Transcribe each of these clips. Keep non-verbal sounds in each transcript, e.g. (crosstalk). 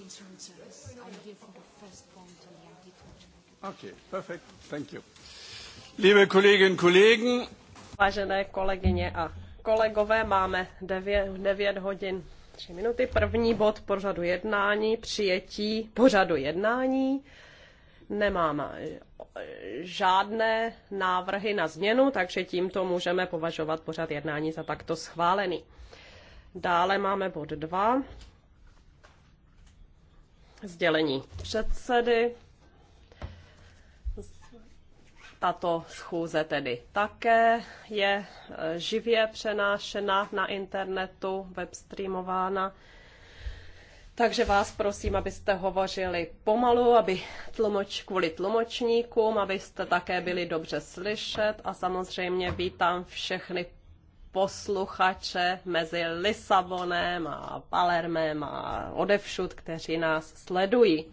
the first point the Okay, perfect. Thank you. Liebe Kolleginnen und Kollegen. Vážené kolegyně a kolegové, máme 9, hodin 3 minuty. První bod pořadu jednání, přijetí pořadu jednání. Nemám eh, žádné návrhy na změnu, takže tímto můžeme považovat pořad jednání za takto schválený. Dále máme bod 2 sdělení předsedy. Tato schůze tedy také je e, živě přenášena na internetu, webstreamována. Takže vás prosím, abyste hovořili pomalu, aby tlumoč, kvůli tlumočníkům, abyste také byli dobře slyšet a samozřejmě vítám všechny posluchače mezi Lisabonem a Palermem a odevšud, kteří nás sledují.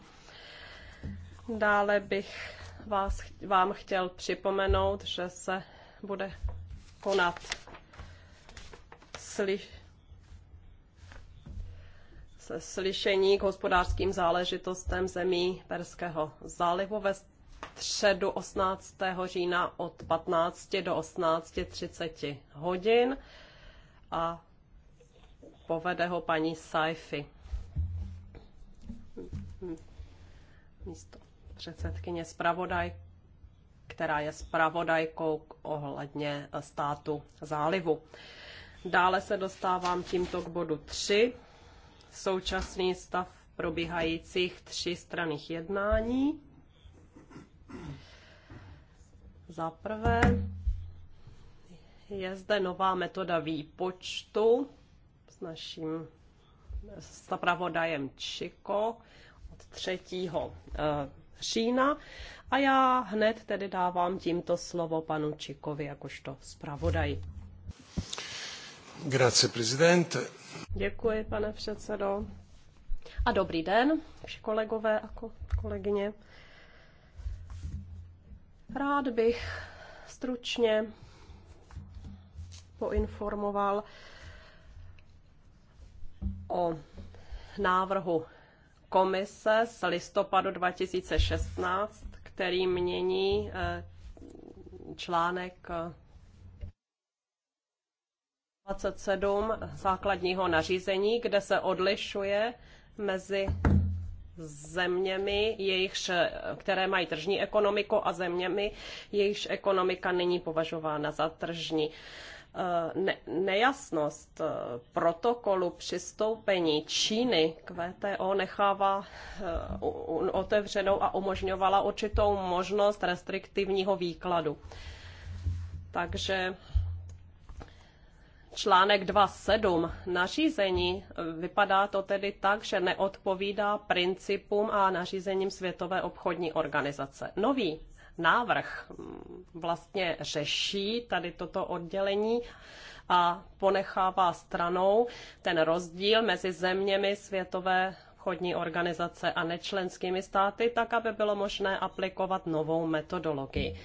Dále bych vás, vám chtěl připomenout, že se bude konat sli- slyšení k hospodářským záležitostem zemí Perského zálivu ve středu 18. října od 15 do 18.30 hodin a povede ho paní Saifi. Místo předsedkyně zpravodaj, která je zpravodajkou ohledně státu zálivu. Dále se dostávám tímto k bodu 3. Současný stav probíhajících tří straných jednání. Za prvé je zde nová metoda výpočtu s naším zapravodajem Čiko od 3. Eh, října. A já hned tedy dávám tímto slovo panu Čikovi jakožto zpravodaj. Grazie, prezidente. Děkuji, pane předsedo. A dobrý den, kolegové a kolegyně. Rád bych stručně poinformoval o návrhu komise z listopadu 2016, který mění eh, článek 27 základního nařízení, kde se odlišuje mezi zeměmi, jejichž, které mají tržní ekonomiku a zeměmi, jejichž ekonomika není považována za tržní. Eh, ne, nejasnost eh, protokolu přistoupení Číny k VTO nechává eh, otevřenou a umožňovala určitou možnost restriktivního výkladu. Takže článek 2.7 nařízení e, vypadá to tedy tak, že neodpovídá principům a nařízením Světové obchodní organizace. Nový návrh mm, vlastně řeší tady toto oddělení a ponechává stranou ten rozdíl mezi zeměmi Světové obchodní organizace a nečlenskými státy, tak aby bylo možné aplikovat novou metodologii.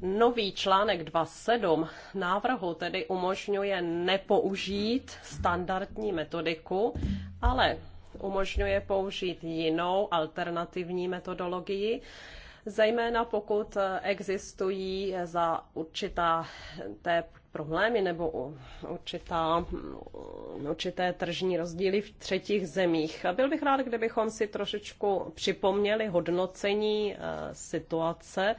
Nový článek 2.7 návrhu tedy umožňuje nepoužít standardní metodiku, ale umožňuje použít jinou alternativní metodologii, zejména pokud existují za určitá té problémy nebo určitá, mm, určité tržní rozdíly v třetích zemích. A byl bych rád, kdybychom si trošičku připomněli hodnocení e, situace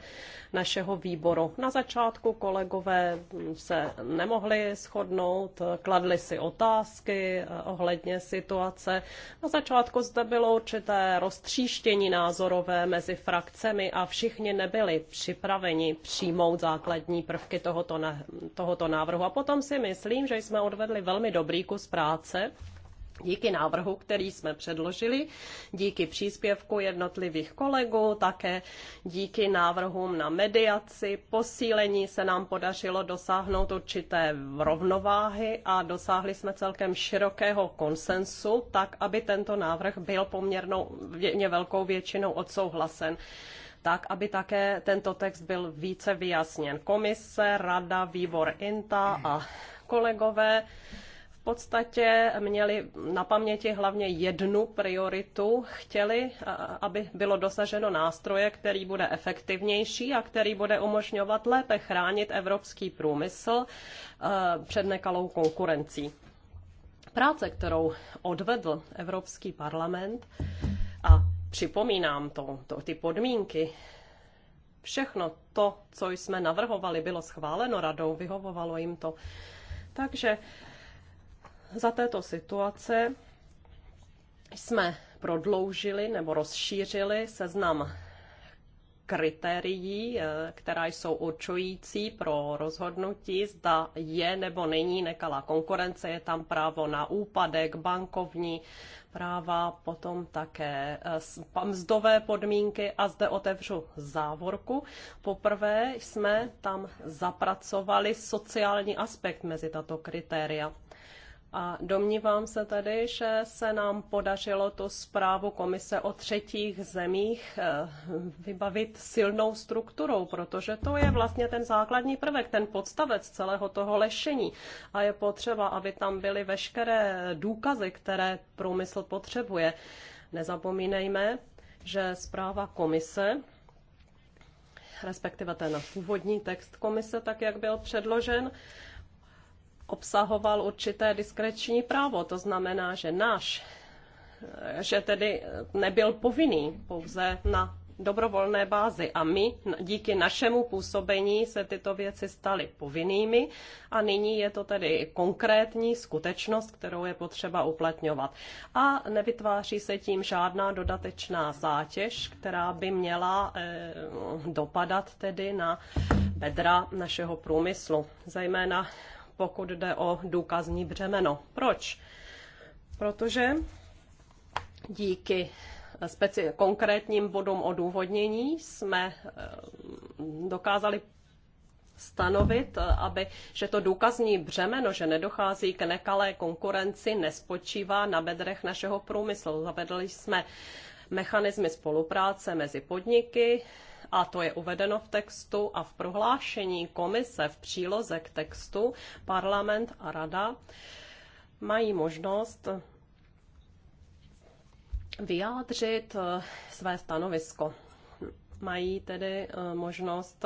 našeho výboru. Na začátku kolegové se nemohli shodnout, kladli si otázky e, ohledně situace. Na začátku zde bylo určité roztříštění názorové mezi frakcemi a všichni nebyli připraveni přijmout základní prvky tohoto, na, tohoto tohoto návrhu. A potom si myslím, že jsme odvedli velmi dobrý kus práce díky návrhu, který jsme předložili, díky příspěvku jednotlivých kolegů, také díky návrhům na mediaci, posílení se nám podařilo dosáhnout určité rovnováhy a dosáhli jsme celkem širokého konsensu, tak aby tento návrh byl poměrně velkou většinou odsouhlasen tak aby také tento text byl více vyjasněn. Komise, rada, výbor INTA a kolegové v podstatě měli na paměti hlavně jednu prioritu. Chtěli, aby bylo dosaženo nástroje, který bude efektivnější a který bude umožňovat lépe chránit evropský průmysl před nekalou konkurencí. Práce, kterou odvedl Evropský parlament a připomínám to, to, ty podmínky, všechno to, co jsme navrhovali, bylo schváleno radou, vyhovovalo jim to. Takže za této situace jsme prodloužili nebo rozšířili seznam kritérií, eh, která jsou určující pro rozhodnutí, zda je nebo není nekalá konkurence. Je tam právo na úpadek, bankovní práva, potom také eh, mzdové podmínky a zde otevřu závorku. Poprvé jsme tam zapracovali sociální aspekt mezi tato kritéria. A domnívám se tedy, že se nám podařilo tu zprávu Komise o třetích zemích eh, vybavit silnou strukturou, protože to je vlastně ten základní prvek, ten podstavec celého toho lešení. A je potřeba, aby tam byly veškeré důkazy, které průmysl potřebuje. Nezapomínejme, že zpráva Komise respektive ten původní text komise, tak jak byl předložen, obsahoval určité diskreční právo. To znamená, že náš, že tedy nebyl povinný pouze na dobrovolné bázi a my díky našemu působení se tyto věci staly povinnými a nyní je to tedy konkrétní skutečnost, kterou je potřeba uplatňovat. A nevytváří se tím žádná dodatečná zátěž, která by měla eh, dopadat tedy na bedra našeho průmyslu, zejména pokud jde o důkazní břemeno. Proč? Protože díky speci- konkrétním bodům odůvodnění jsme eh, dokázali stanovit, eh, aby, že to důkazní břemeno, že nedochází k nekalé konkurenci, nespočívá na bedrech našeho průmyslu. Zavedli jsme mechanismy spolupráce mezi podniky, a to je uvedeno v textu a v prohlášení komise v příloze k textu, parlament a rada mají možnost vyjádřit eh, své stanovisko. Mají tedy eh, možnost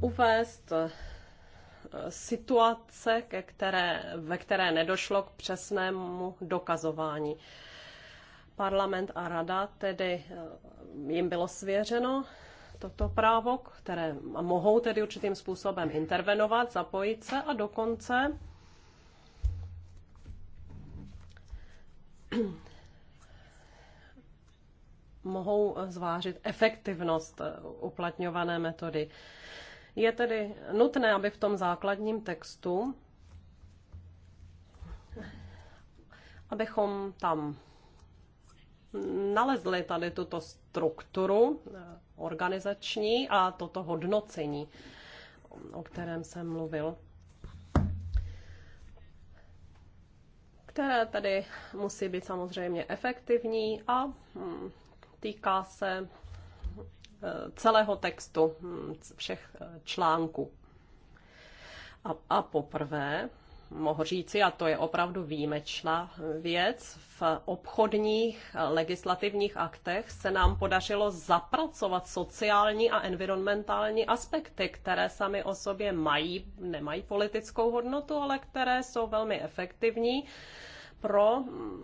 uvést eh, situace, ke které, ve které nedošlo k přesnému dokazování. Parlament a rada tedy eh, jim bylo svěřeno toto právo, které mohou tedy určitým způsobem intervenovat, zapojit se a dokonce (clears throat) mohou zvážit efektivnost eh, uplatňované metody. Je tedy nutné, aby v tom základním textu, abychom tam nalezli tady tuto strukturu eh, organizační a toto hodnocení, o kterém jsem mluvil. které tedy musí být samozřejmě efektivní a hm, týká se eh, celého textu, hm, všech eh, článků. A, a poprvé Mohu říci, a to je opravdu výjimečná věc, v obchodních legislativních aktech se nám podařilo zapracovat sociální a environmentální aspekty, které sami o sobě mají, nemají politickou hodnotu, ale které jsou velmi efektivní pro mm,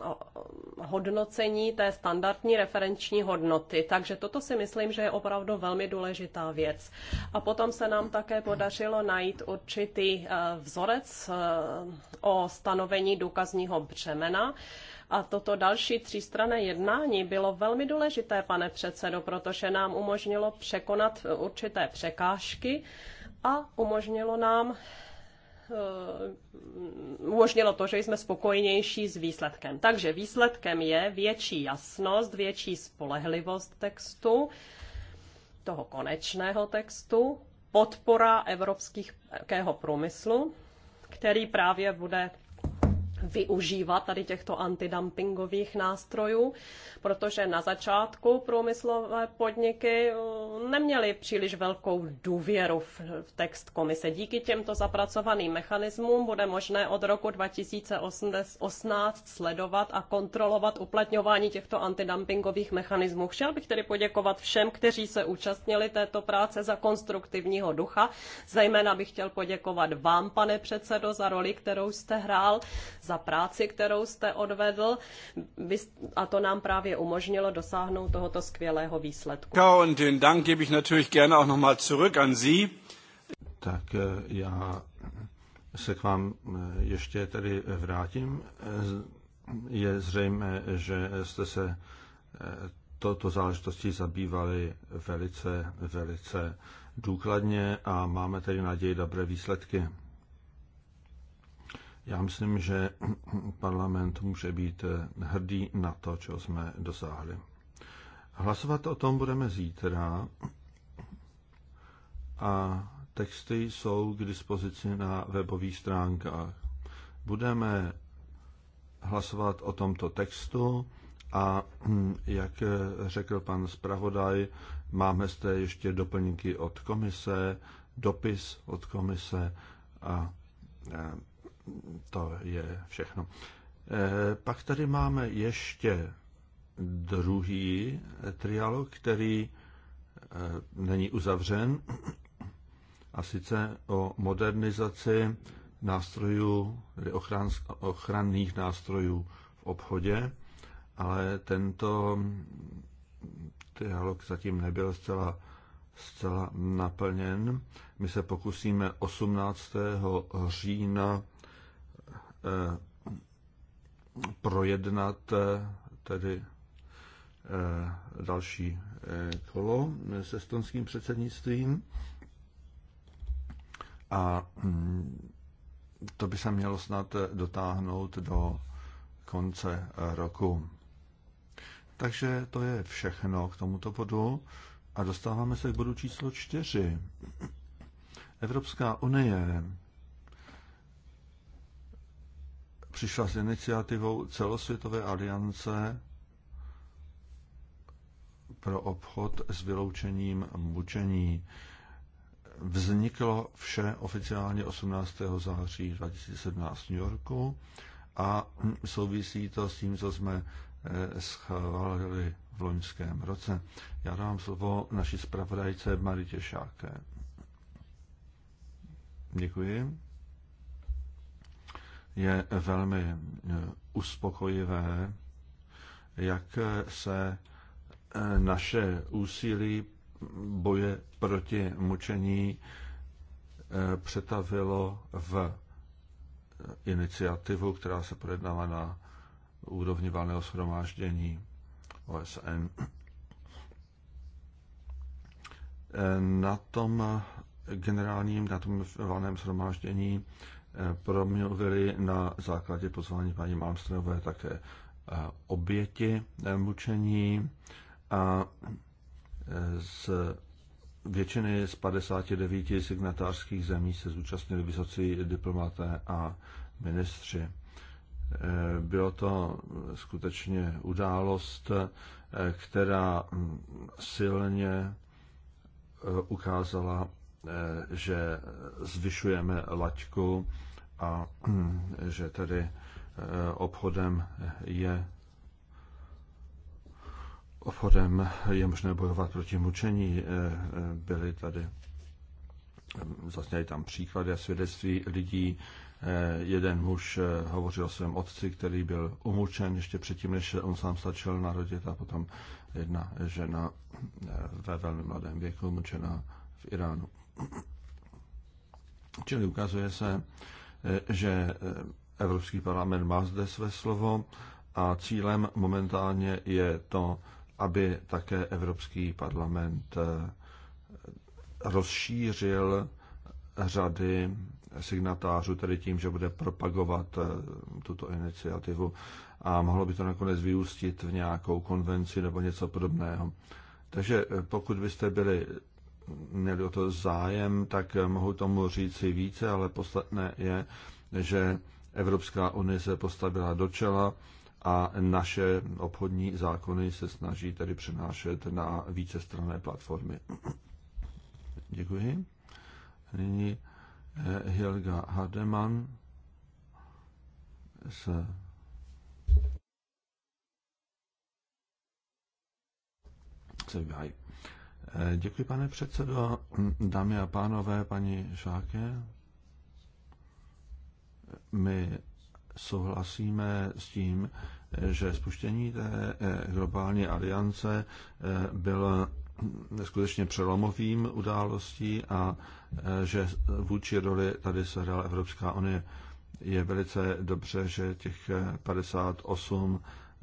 hodnocení té standardní referenční hodnoty. Takže toto si myslím, že je opravdu velmi důležitá věc. A potom se nám také podařilo najít určitý eh, vzorec eh, o stanovení důkazního břemena. A toto další třístrané jednání bylo velmi důležité, pane předsedo, protože nám umožnilo překonat eh, určité překážky a umožnilo nám Eh, umožnilo to, že jsme spokojnější s výsledkem. Takže výsledkem je větší jasnost, větší spolehlivost textu, toho konečného textu, podpora evropského eh, průmyslu, který právě bude využívat tady těchto antidumpingových nástrojů, protože na začátku průmyslové podniky eh, neměly příliš velkou důvěru v text komise. Díky těmto zapracovaným mechanismům bude možné od roku 2018 sledovat a kontrolovat uplatňování těchto antidumpingových mechanismů. Chtěl bych tedy poděkovat všem, kteří se účastnili této práce za konstruktivního ducha. Zejména bych chtěl poděkovat vám, pane předsedo, za roli, kterou jste hrál, za za práci, kterou jste odvedl a to nám právě umožnilo dosáhnout tohoto skvělého výsledku. Und den Dank gebe ich natürlich gerne auch nochmal zurück an Sie. Tak eh, já se k vám eh, ještě tedy vrátím. Eh, je zřejmé, že jste se toto záležitostí zabývali velice, velice důkladně a máme tedy naději dobré výsledky. Já myslím, že (clears throat) parlament může být eh, hrdý na to, čeho jsme dosáhli. Hlasovat o tom budeme zítra a texty jsou k dispozici na webových stránkách. Budeme hlasovat o tomto textu a, hm, jak eh, řekl pan zpravodaj, máme zde ještě doplňky od komise, dopis od komise a eh, to je všechno. E, pak tady máme ještě druhý trialog, který e, není uzavřen, a sice o modernizaci nástrojů, ochran, ochranných nástrojů v obchodě, ale tento trialog zatím nebyl zcela, zcela naplněn. My se pokusíme 18. října Eh, projednat eh, tedy eh, další kolo s estonským předsednictvím. A mm, to by se mělo snad dotáhnout do konce roku. Takže to je všechno k tomuto bodu a dostáváme se k bodu číslo čtyři. Evropská unie přišla s iniciativou Celosvětové aliance pro obchod s vyloučením mučení. Vzniklo vše oficiálně 18. září 2017 v New Yorku a souvisí to s tím, co jsme eh, schválili v loňském roce. Já dám slovo naší zpravodajce Maritě Šáké. Děkuji je velmi eh, uspokojivé, jak eh, se eh, naše úsilí boje proti mučení přetavilo v iniciativu, která se projednala na úrovni valného shromáždění OSN. Na tom generálním, na tom valném shromáždění promluvili na základě pozvání paní Malmströmové také eh, oběti eh, mučení a eh, z většiny z 59 signatářských zemí se zúčastnili vysocí diplomaté a ministři. Bylo to skutečně událost, která mm, silně ukázala Eh, že zvyšujeme laťku a (clears throat) že tedy eh, obchodem je obchodem je možné bojovat proti mučení. Eh, byly tady zazněly tam příklady a svědectví lidí. Jeden muž hovořil o svém otci, který byl umučen ještě předtím, než on sám stačil narodit a potom jedna žena ve velmi mladém věku umučená v Iránu. Čili ukazuje se, eh, že eh, Evropský parlament má zde své slovo a cílem momentálně je to, aby také Evropský parlament eh, rozšířil řady signatářů, tedy tím, že bude propagovat tuto iniciativu a mohlo by to nakonec vyústit v nějakou konvenci nebo něco podobného. Takže pokud byste byli měli o to zájem, tak mohu tomu říci více, ale podstatné je, že Evropská unie se postavila do čela a naše obchodní zákony se snaží tedy přenášet na vícestranné platformy. Děkuji. Nyní eh, Helga Hademan se se... Sebaj. Eh, děkuji, pane předsedo. Dámy a pánové, paní Šáke, my souhlasíme s tím, že spuštění té eh, globální aliance eh, bylo skutečně přelomovým událostí a že vůči roli tady se hrála Evropská unie. Je velice dobře, že těch 58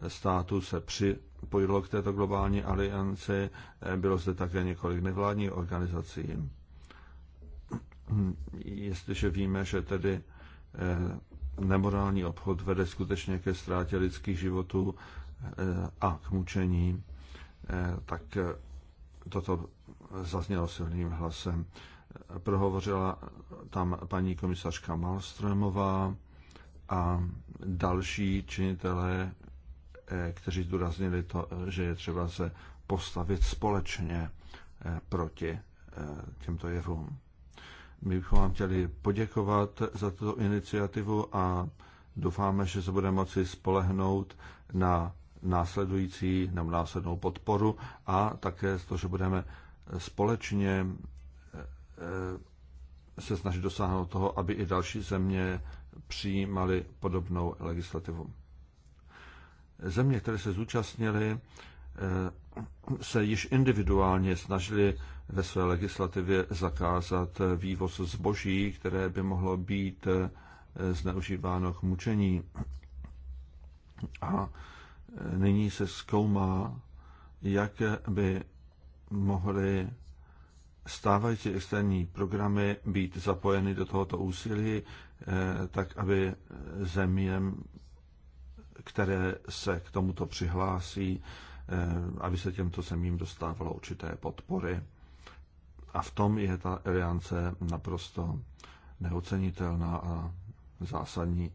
států se při pojilo k této globální alianci, bylo zde také několik nevládních organizací. Jestliže víme, že tedy eh, nemorální obchod vede skutečně ke ztrátě lidských životů eh, a k mučení, eh, tak toto zaznělo silným hlasem. Prohovořila tam paní komisařka Malströmová a další činitelé Eh, kteří zdůraznili to, eh, že je třeba se postavit společně eh, proti těmto jevům. My bychom vám chtěli poděkovat za tuto iniciativu a doufáme, že se budeme moci spolehnout na následující, na následnou podporu a také to, že budeme společně se snažit dosáhnout toho, aby i další země přijímaly podobnou legislativu. Země, které se zúčastnily, eh, se již individuálně snažili ve své legislativě zakázat eh, vývoz zboží, které by mohlo být eh, zneužíváno k mučení. A nyní se zkoumá, jak by mohly stávající externí programy být zapojeny do tohoto úsilí, tak aby zeměm které se k tomuto přihlásí, eh, aby se těmto zemím dostávalo určité podpory. A v tom je ta aliance naprosto neocenitelná a zásadní.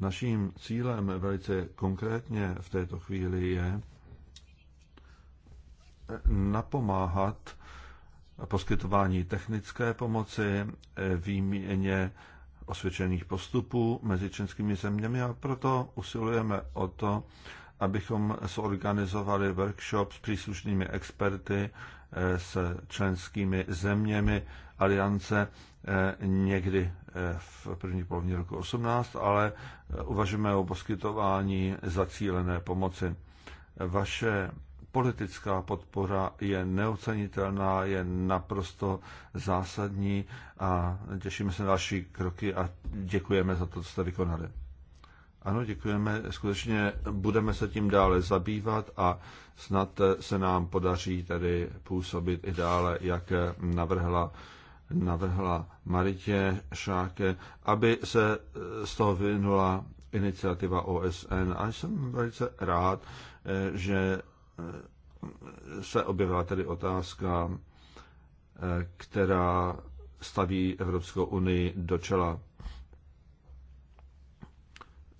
Naším cílem velice konkrétně v této chvíli je napomáhat poskytování technické pomoci, eh, výměně osvědčených postupů mezi českými zeměmi a proto usilujeme o to, abychom zorganizovali workshop s příslušnými experty, eh, s členskými zeměmi aliance eh, někdy eh, v první polovině roku 18, ale uvažujeme o poskytování zacílené pomoci. Vaše politická podpora je neocenitelná, je naprosto zásadní a těšíme se na další kroky a děkujeme za to, co jste vykonali. Ano, děkujeme. Skutečně budeme se tím dále zabývat a snad se nám podaří tady působit i dále, jak navrhla, navrhla Maritě Šáke, aby se z toho vyvinula iniciativa OSN. A jsem velice rád, že se objevila tedy otázka, eh, která staví Evropskou unii do čela.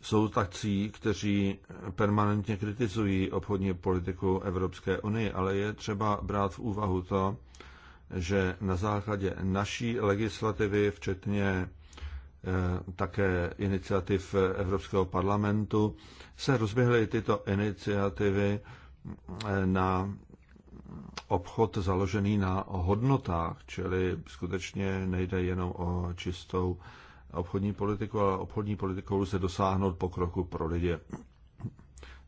Jsou takcí, kteří permanentně kritizují obchodní politiku Evropské unie, ale je třeba brát v úvahu to, že na základě naší legislativy, včetně eh, také iniciativ Evropského parlamentu, se rozběhly tyto iniciativy na obchod založený na hodnotách, čili skutečně nejde jenom o čistou obchodní politiku, ale obchodní politikou se dosáhnout pokroku pro lidi.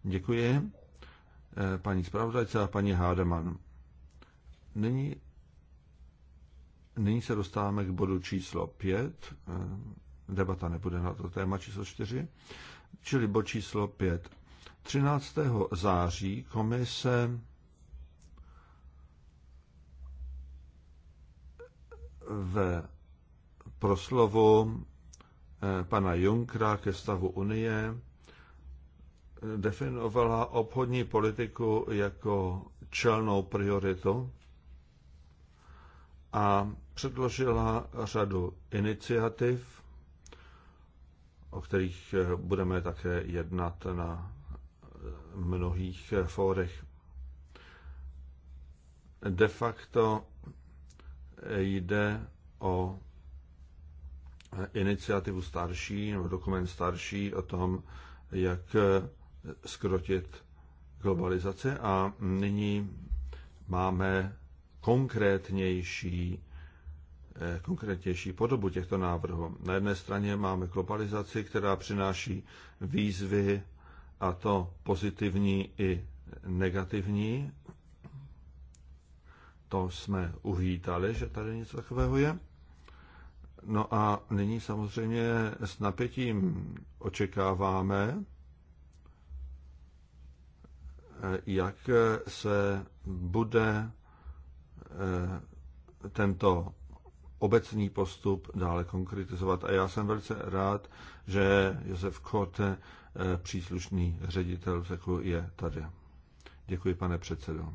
Děkuji eh, paní zpravodajce a paní Hádeman. Nyní, nyní se dostáváme k bodu číslo 5. Eh, debata nebude na to téma číslo 4. Čili bod číslo 5. 13. září komise ve proslovu eh, pana Junkra ke stavu Unie definovala obchodní politiku jako čelnou prioritu a předložila řadu iniciativ, o kterých eh, budeme také jednat na mnohých eh, fórech. De facto eh, jde o eh, iniciativu starší, nebo dokument starší o tom, jak skrotit globalizaci a nyní máme konkrétnější konkrétnější podobu těchto návrhů. Na jedné straně máme globalizaci, která přináší výzvy a to pozitivní i negativní. To jsme uvítali, že tady něco takového je. No a nyní samozřejmě s napětím očekáváme, jak se bude eh, tento obecný postup dále konkretizovat. A já jsem velice rád, že Josef Korte Eh, příslušný ředitel řekl, je tady. Děkuji, pane předsedo.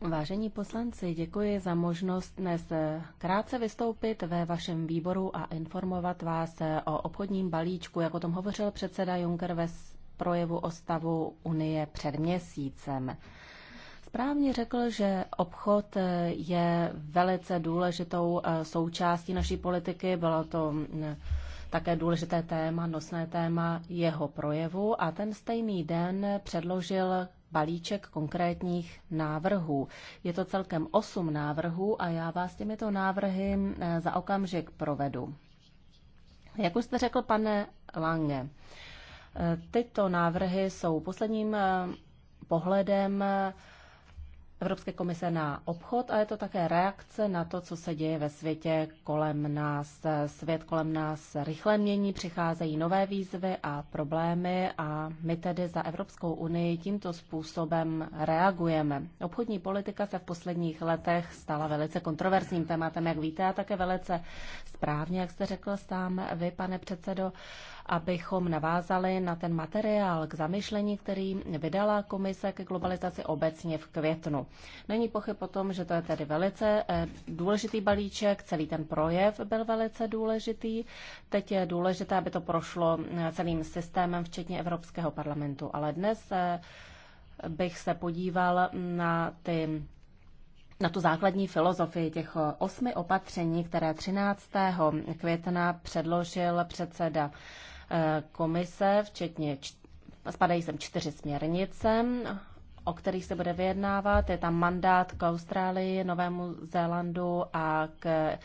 Vážení poslanci, děkuji za možnost dnes eh, krátce vystoupit ve vašem výboru a informovat vás eh, o obchodním balíčku, jak o tom hovořil předseda Juncker ve projevu o stavu Unie před měsícem. Správně řekl, že obchod je velice důležitou součástí naší politiky. Bylo to mm, také důležité téma, nosné téma jeho projevu a ten stejný den předložil balíček konkrétních návrhů. Je to celkem osm návrhů a já vás těmito návrhy eh, za okamžik provedu. Jak už jste řekl, pane Lange, eh, tyto návrhy jsou posledním eh, pohledem Evropské komise na obchod a je to také reakce na to, co se děje ve světě kolem nás. Svět kolem nás rychle mění, přicházejí nové výzvy a problémy a my tedy za Evropskou unii tímto způsobem reagujeme. Obchodní politika se v posledních letech stala velice kontroverzním tématem, jak víte, a také velice správně, jak jste řekl sám vy, pane předsedo abychom navázali na ten materiál k zamyšlení, který vydala Komise ke globalizaci obecně v květnu. Není pochyb o tom, že to je tedy velice eh, důležitý balíček, celý ten projev byl velice důležitý. Teď je důležité, aby to prošlo eh, celým systémem, včetně Evropského parlamentu. Ale dnes eh, bych se podíval na ty na tu základní filozofii těch osmi opatření, které 13. května předložil předseda komise, včetně spadají sem čtyři směrnice, o kterých se bude vyjednávat. Je tam mandát k Austrálii, Novému Zélandu a k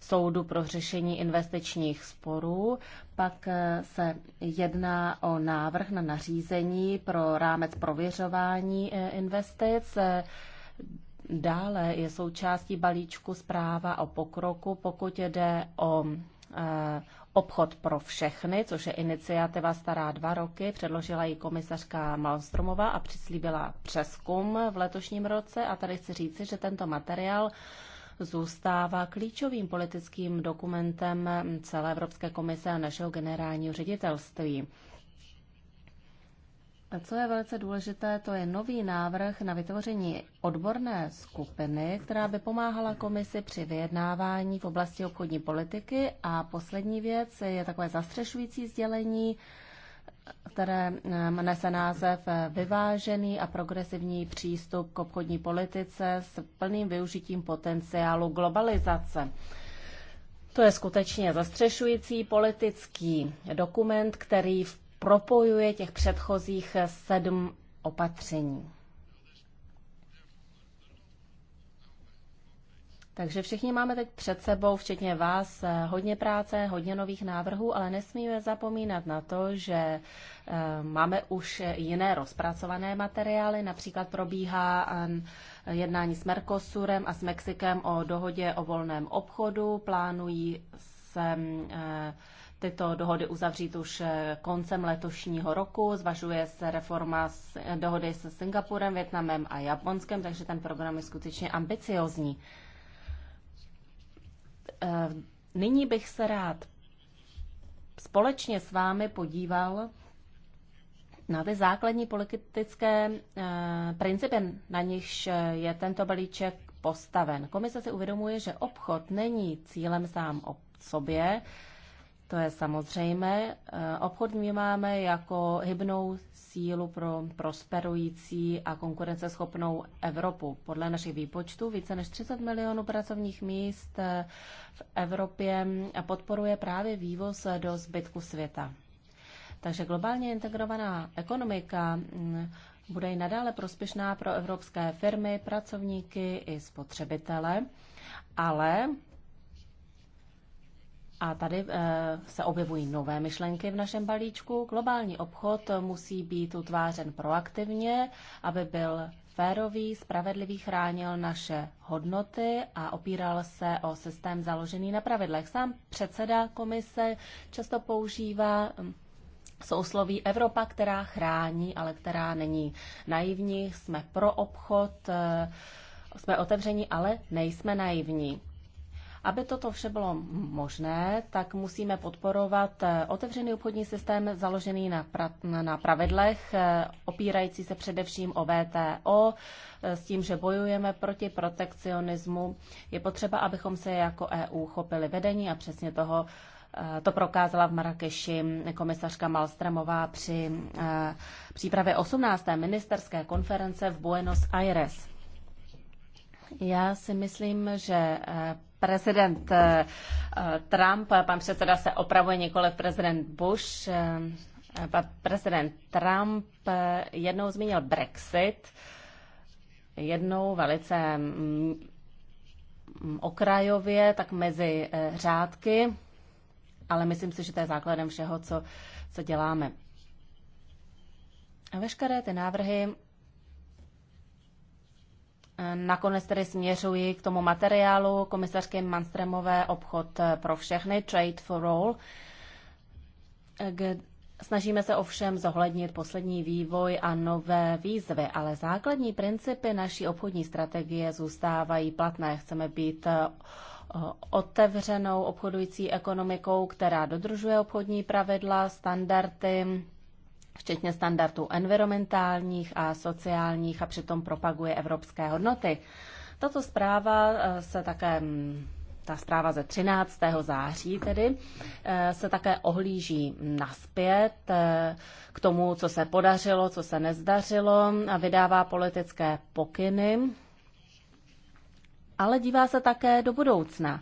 soudu pro řešení investičních sporů. Pak eh, se jedná o návrh na nařízení pro rámec prověřování eh, investic. Eh, dále je součástí balíčku zpráva o pokroku, pokud jde o Obchod pro všechny, což je iniciativa stará dva roky, předložila ji komisařka Malmstromová a přislíbila přeskum v letošním roce. A tady chci říci, že tento materiál zůstává klíčovým politickým dokumentem celé Evropské komise a našeho generálního ředitelství. Co je velice důležité, to je nový návrh na vytvoření odborné skupiny, která by pomáhala komisi při vyjednávání v oblasti obchodní politiky. A poslední věc je takové zastřešující sdělení, které eh, nese název eh, Vyvážený a progresivní přístup k obchodní politice s plným využitím potenciálu globalizace. To je skutečně zastřešující politický dokument, který v propojuje těch předchozích sedm opatření. Takže všichni máme teď před sebou, včetně vás, hodně práce, hodně nových návrhů, ale nesmíme zapomínat na to, že eh, máme už jiné rozpracované materiály. Například probíhá eh, jednání s Mercosurem a s Mexikem o dohodě o volném obchodu. Plánují se eh, tyto dohody uzavřít už eh, koncem letošního roku. Zvažuje se reforma s, eh, dohody se Singapurem, Větnamem a Japonskem, takže ten program je skutečně ambiciozní. Eh, nyní bych se rád společně s vámi podíval na ty základní politické principy, na nichž je tento balíček postaven. Komise si uvědomuje, že obchod není cílem sám o sobě, to je samozřejmé. Eh, obchod vnímáme jako hybnou sílu pro prosperující a konkurenceschopnou Evropu. Podle našich výpočtů více než 30 milionů pracovních míst eh, v Evropě podporuje právě vývoz do zbytku světa. Takže globálně integrovaná ekonomika mm, bude i nadále prospěšná pro evropské firmy, pracovníky i spotřebitele, ale a tady eh, se objevují nové myšlenky v našem balíčku. Globální obchod musí být utvářen proaktivně, aby byl férový, spravedlivý, chránil naše hodnoty a opíral se o systém založený na pravidlech. Sám předseda komise často používá hm, sousloví Evropa, která chrání, ale která není naivní. Jsme pro obchod, eh, jsme otevření, ale nejsme naivní. Aby toto vše bylo možné, tak musíme podporovat eh, otevřený obchodní systém založený na, pra, na pravidlech, eh, opírající se především o VTO, eh, s tím, že bojujeme proti protekcionismu. Je potřeba, abychom se jako EU chopili vedení a přesně toho to prokázala v Marrakeši komisařka Malstramová při přípravě 18. ministerské konference v Buenos Aires. Já si myslím, že prezident eh, eh, Trump, pan předseda se opravuje několik prezident Bush, eh, pan prezident Trump jednou zmínil Brexit, jednou velice mm, okrajově, tak mezi řádky, ale myslím si, že to je základem všeho, co, co děláme. A veškeré ty návrhy Nakonec tedy směřuji k tomu materiálu komisařky Manstremové obchod eh, pro všechny, Trade for All. Snažíme se ovšem zohlednit poslední vývoj a nové výzvy, ale základní principy naší obchodní strategie zůstávají platné. Chceme být eh, otevřenou obchodující ekonomikou, která dodržuje obchodní pravidla, standardy, včetně standardů environmentálních a sociálních a přitom propaguje evropské hodnoty. Tato zpráva eh, se také mm, ta zpráva ze 13. září tedy, eh, se také ohlíží naspět eh, k tomu, co se podařilo, co se nezdařilo a vydává politické pokyny, ale dívá se také do budoucna.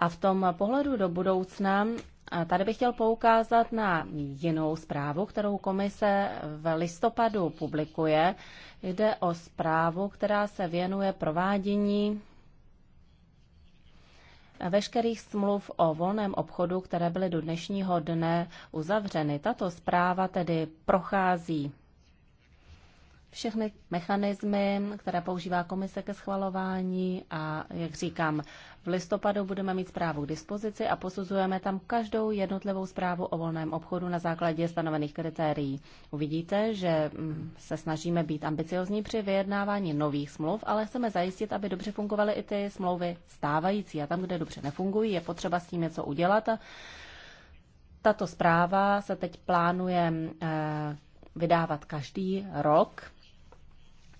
A v tom pohledu do budoucna a tady bych chtěl poukázat na jinou zprávu, kterou komise v listopadu publikuje. Jde o zprávu, která se věnuje provádění veškerých smluv o volném obchodu, které byly do dnešního dne uzavřeny. Tato zpráva tedy prochází všechny mechanismy, které používá komise ke schvalování a, jak říkám, v listopadu budeme mít zprávu k dispozici a posuzujeme tam každou jednotlivou zprávu o volném obchodu na základě stanovených kritérií. Uvidíte, že mm, se snažíme být ambiciozní při vyjednávání nových smluv, ale chceme zajistit, aby dobře fungovaly i ty smlouvy stávající. A tam, kde dobře nefungují, je potřeba s tím něco udělat. tato zpráva se teď plánuje eh, vydávat každý rok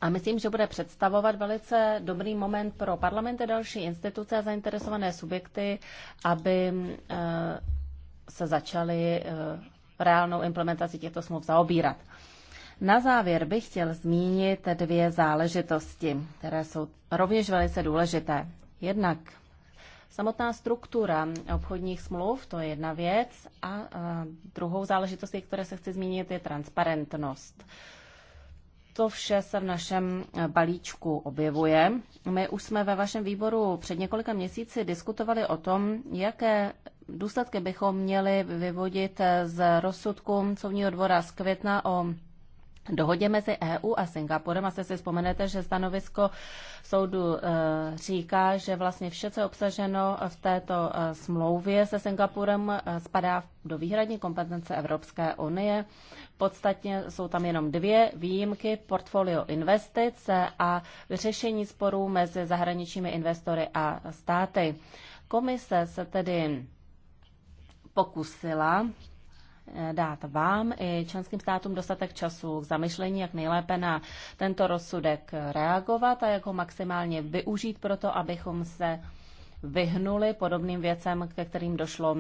a myslím, že bude představovat velice dobrý moment pro parlamenty, další instituce a zainteresované subjekty, aby eh, se začaly eh, reálnou implementací těchto smluv zaobírat. Na závěr bych chtěl zmínit dvě záležitosti, které jsou rovněž velice důležité. Jednak samotná struktura obchodních smluv, to je jedna věc, a, a druhou záležitostí, které se chci zmínit, je transparentnost. Uh, to vše se v našem eh, balíčku objevuje. My už jsme ve vašem výboru před několika měsíci diskutovali o tom, jaké důsledky bychom měli vyvodit eh, z rozsudku Soudního dvora z května o dohodě mezi EU a Singapurem. Asi si vzpomenete, že stanovisko soudu eh, říká, že vlastně vše, co je obsaženo v této eh, smlouvě se Singapurem, eh, spadá do výhradní kompetence Evropské unie. V podstatě jsou tam jenom dvě výjimky, portfolio investice a vyřešení sporů mezi zahraničními investory a státy. Komise se tedy pokusila dát vám i členským státům dostatek času k zamyšlení, jak nejlépe na tento rozsudek reagovat a jak ho maximálně využít pro to, abychom se vyhnuli podobným věcem, ke kterým došlo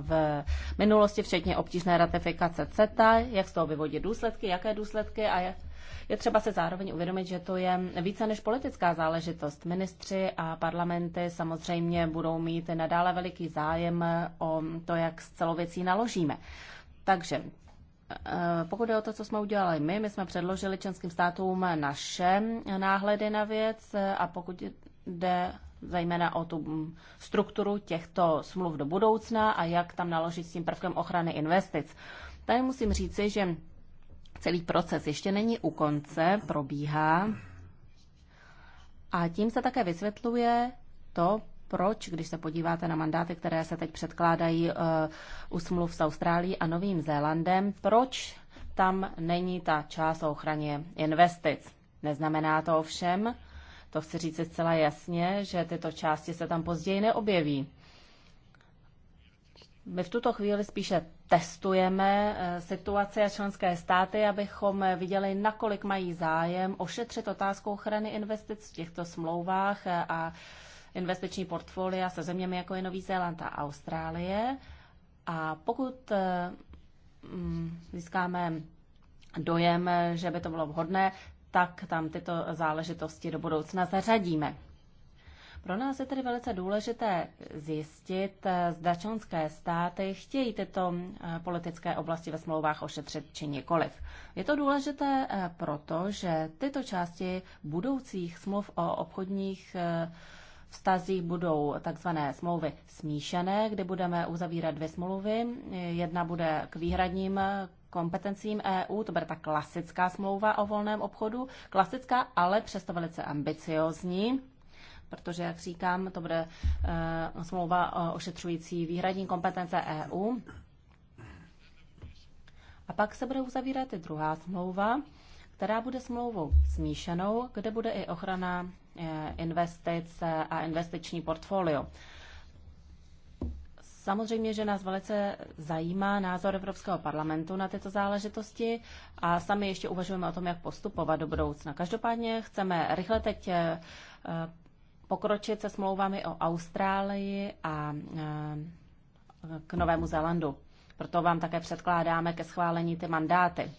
v minulosti, včetně obtížné ratifikace CETA, jak z toho vyvodit důsledky, jaké důsledky a jak je třeba se zároveň uvědomit, že to je více než politická záležitost. Ministři a parlamenty samozřejmě budou mít nadále veliký zájem o to, jak s celou věcí naložíme. Takže eh, pokud je o to, co jsme udělali my, my jsme předložili členským státům naše náhledy na věc eh, a pokud jde zejména o tu strukturu těchto smluv do budoucna a jak tam naložit s tím prvkem ochrany investic. Tady musím říci, že celý proces ještě není u konce, probíhá a tím se také vysvětluje to, proč, když se podíváte na mandáty, které se teď předkládají eh, u smluv s Austrálií a Novým Zélandem, proč tam není ta část o ochraně investic. Neznamená to ovšem, to chci říct zcela jasně, že tyto části se tam později neobjeví. My v tuto chvíli spíše testujeme eh, situaci a členské státy, abychom viděli, nakolik mají zájem ošetřit otázku ochrany investic v těchto smlouvách eh, a investiční portfolia se zeměmi, jako je Nový Zéland a Austrálie. A pokud eh, mm, získáme dojem, že by to bylo vhodné, tak tam tyto záležitosti do budoucna zařadíme. Pro nás je tedy velice důležité zjistit, eh, zda členské státy chtějí tyto eh, politické oblasti ve smlouvách ošetřit či nikoliv. Je to důležité proto, že tyto části budoucích smluv o obchodních vztazích budou takzvané smlouvy smíšené, kde budeme uzavírat dvě smlouvy. Jedna bude k výhradním kompetencím EU, to bude ta klasická smlouva o volném obchodu, klasická, ale přesto velice ambiciozní, protože, jak říkám, to bude uh, smlouva eh, ošetřující výhradní kompetence EU. A pak se bude uzavírat i druhá smlouva, která bude smlouvou smíšenou, kde bude i ochrana Eh, investic a investiční portfolio. Samozřejmě, že nás velice zajímá názor Evropského parlamentu na tyto záležitosti a sami ještě uvažujeme o tom, jak postupovat do budoucna. Každopádně chceme rychle teď eh, pokročit se smlouvami o Austrálii a eh, k Novému Zélandu. Proto vám také předkládáme ke schválení ty mandáty.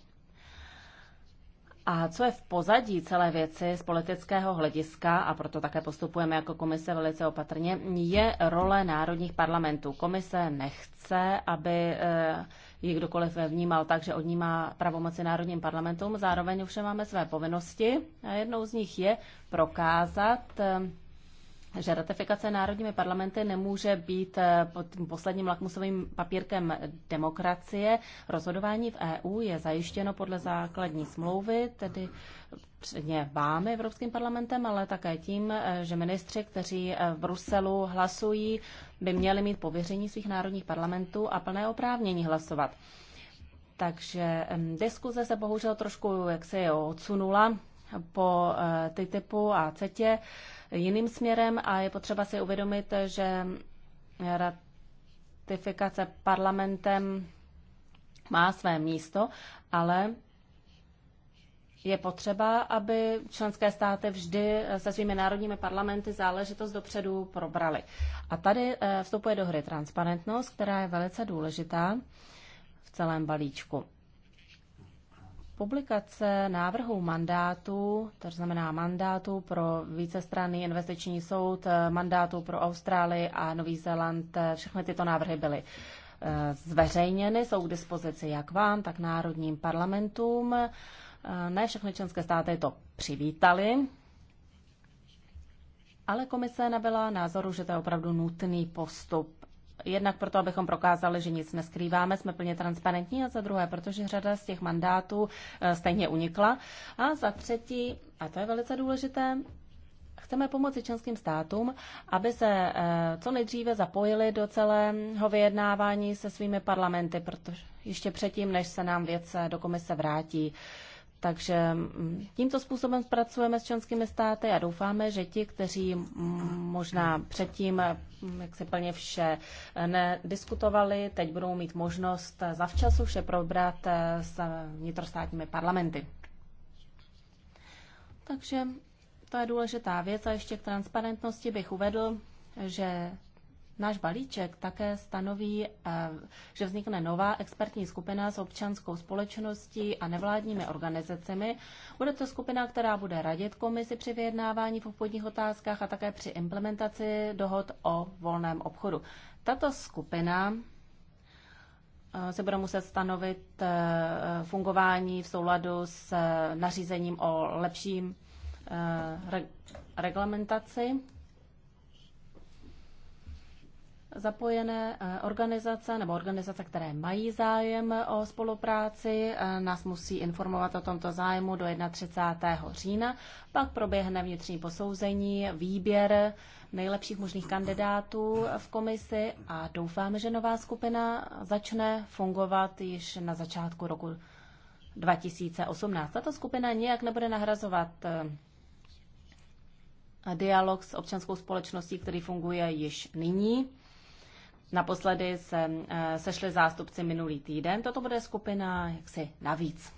A co je v pozadí celé věci z politického hlediska, a proto také postupujeme jako komise velice opatrně, je role národních parlamentů. Komise nechce, aby eh, ji kdokoliv vnímal tak, že odnímá pravomoci národním parlamentům. Zároveň už máme své povinnosti a jednou z nich je prokázat eh, že ratifikace národními parlamenty nemůže být eh, pod tím posledním lakmusovým papírkem demokracie. Rozhodování v EU je zajištěno podle základní smlouvy, tedy předně vámi, Evropským parlamentem, ale také tím, eh, že ministři, kteří eh, v Bruselu hlasují, by měli mít pověření svých národních parlamentů a plné oprávnění hlasovat. Takže diskuze se bohužel trošku jaksi odsunula po TTIPu a CETě. E jiným směrem a je potřeba si uvědomit, že ratifikace parlamentem má své místo, ale je potřeba, aby členské státy vždy se svými národními parlamenty záležitost dopředu probrali. A tady eh, vstupuje do hry transparentnost, která je velice důležitá v celém balíčku. Publikace návrhu mandátu, to znamená mandátu pro vícestranný investiční soud, eh, mandátu pro Austrálii a Nový Zéland, eh, všechny tyto návrhy byly eh, zveřejněny, jsou k dispozici jak vám, tak národním parlamentům. Ne všechny členské státy to přivítali, ale komise nabyla názoru, že to je opravdu nutný postup jednak proto, abychom prokázali, že nic neskrýváme, jsme plně transparentní a za druhé, protože řada z těch mandátů e, stejně unikla. A za třetí, a to je velice důležité, chceme pomoci členským státům, aby se e, co nejdříve zapojili do celého vyjednávání se svými parlamenty, protože ještě předtím, než se nám věc do komise vrátí. Takže mm, tímto způsobem zpracujeme s členskými státy a doufáme, že ti, kteří mm, možná předtím, mm, jak se plně vše eh, nediskutovali, teď budou mít možnost eh, zavčasu vše probrat eh, s vnitrostátními parlamenty. Takže to je důležitá věc a ještě k transparentnosti bych uvedl, že Náš balíček také stanoví, eh, že vznikne nová expertní skupina s občanskou společností a nevládními organizacemi. Bude to skupina, která bude radit komisi při vyjednávání v obchodních otázkách a také při implementaci dohod o volném obchodu. Tato skupina eh, se bude muset stanovit eh, fungování v souladu s nařízením o lepším reglementaci zapojené eh, organizace nebo organizace, které mají zájem o spolupráci, eh, nás musí informovat o tomto zájmu do 31. října. Pak proběhne vnitřní posouzení, výběr nejlepších možných kandidátů v komisi a doufáme, že nová skupina začne fungovat již na začátku roku 2018. Tato skupina nijak nebude nahrazovat eh, dialog s občanskou společností, který funguje již nyní. Naposledy se eh, sešli zástupci minulý týden. Toto bude skupina jaksi navíc.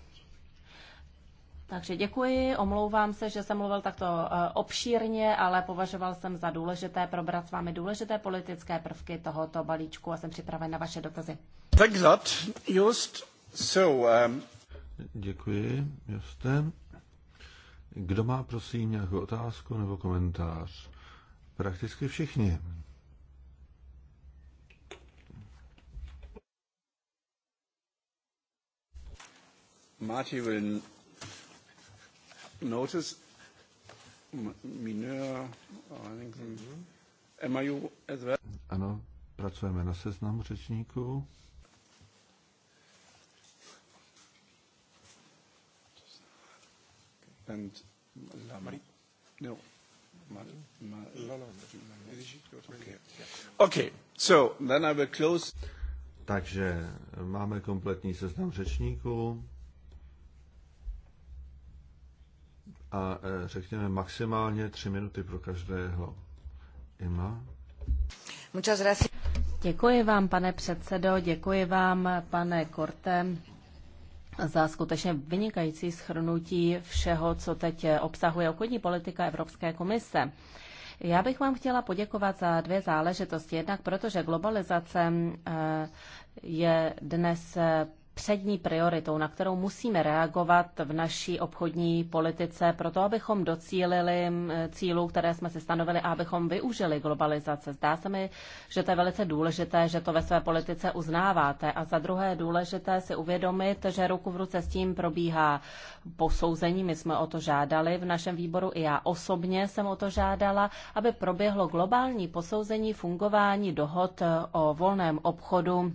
Takže děkuji, omlouvám se, že jsem mluvil takto eh, obšírně, ale považoval jsem za důležité probrat s vámi důležité politické prvky tohoto balíčku a jsem připraven na vaše dotazy. Tak Just. So, um... Děkuji, Juste. Kdo má, prosím, nějakou otázku nebo komentář? Prakticky všichni. Marty will notice minor, I think, MIU mhm. as well. Ano, pracujeme na seznamu řečníků. and la Marie. No. no, no, no okay. okay, so then I will close. Takže máme kompletní seznam řečníků. a e, řekněme maximálně tři minuty pro každého. Ima. Muchas gracias. Děkuji vám, pane předsedo, děkuji vám, pane Korte, za skutečně vynikající schrnutí všeho, co teď obsahuje obchodní politika Evropské komise. Já bych vám chtěla poděkovat za dvě záležitosti. Jednak protože globalizace e, je dnes přední prioritou, na kterou musíme reagovat v naší obchodní politice, proto abychom docílili cílů, které jsme si stanovili a abychom využili globalizace. Zdá se mi, že to je velice důležité, že to ve své politice uznáváte. A za druhé je důležité si uvědomit, že ruku v ruce s tím probíhá posouzení. My jsme o to žádali v našem výboru, i já osobně jsem o to žádala, aby proběhlo globální posouzení fungování dohod eh, o volném obchodu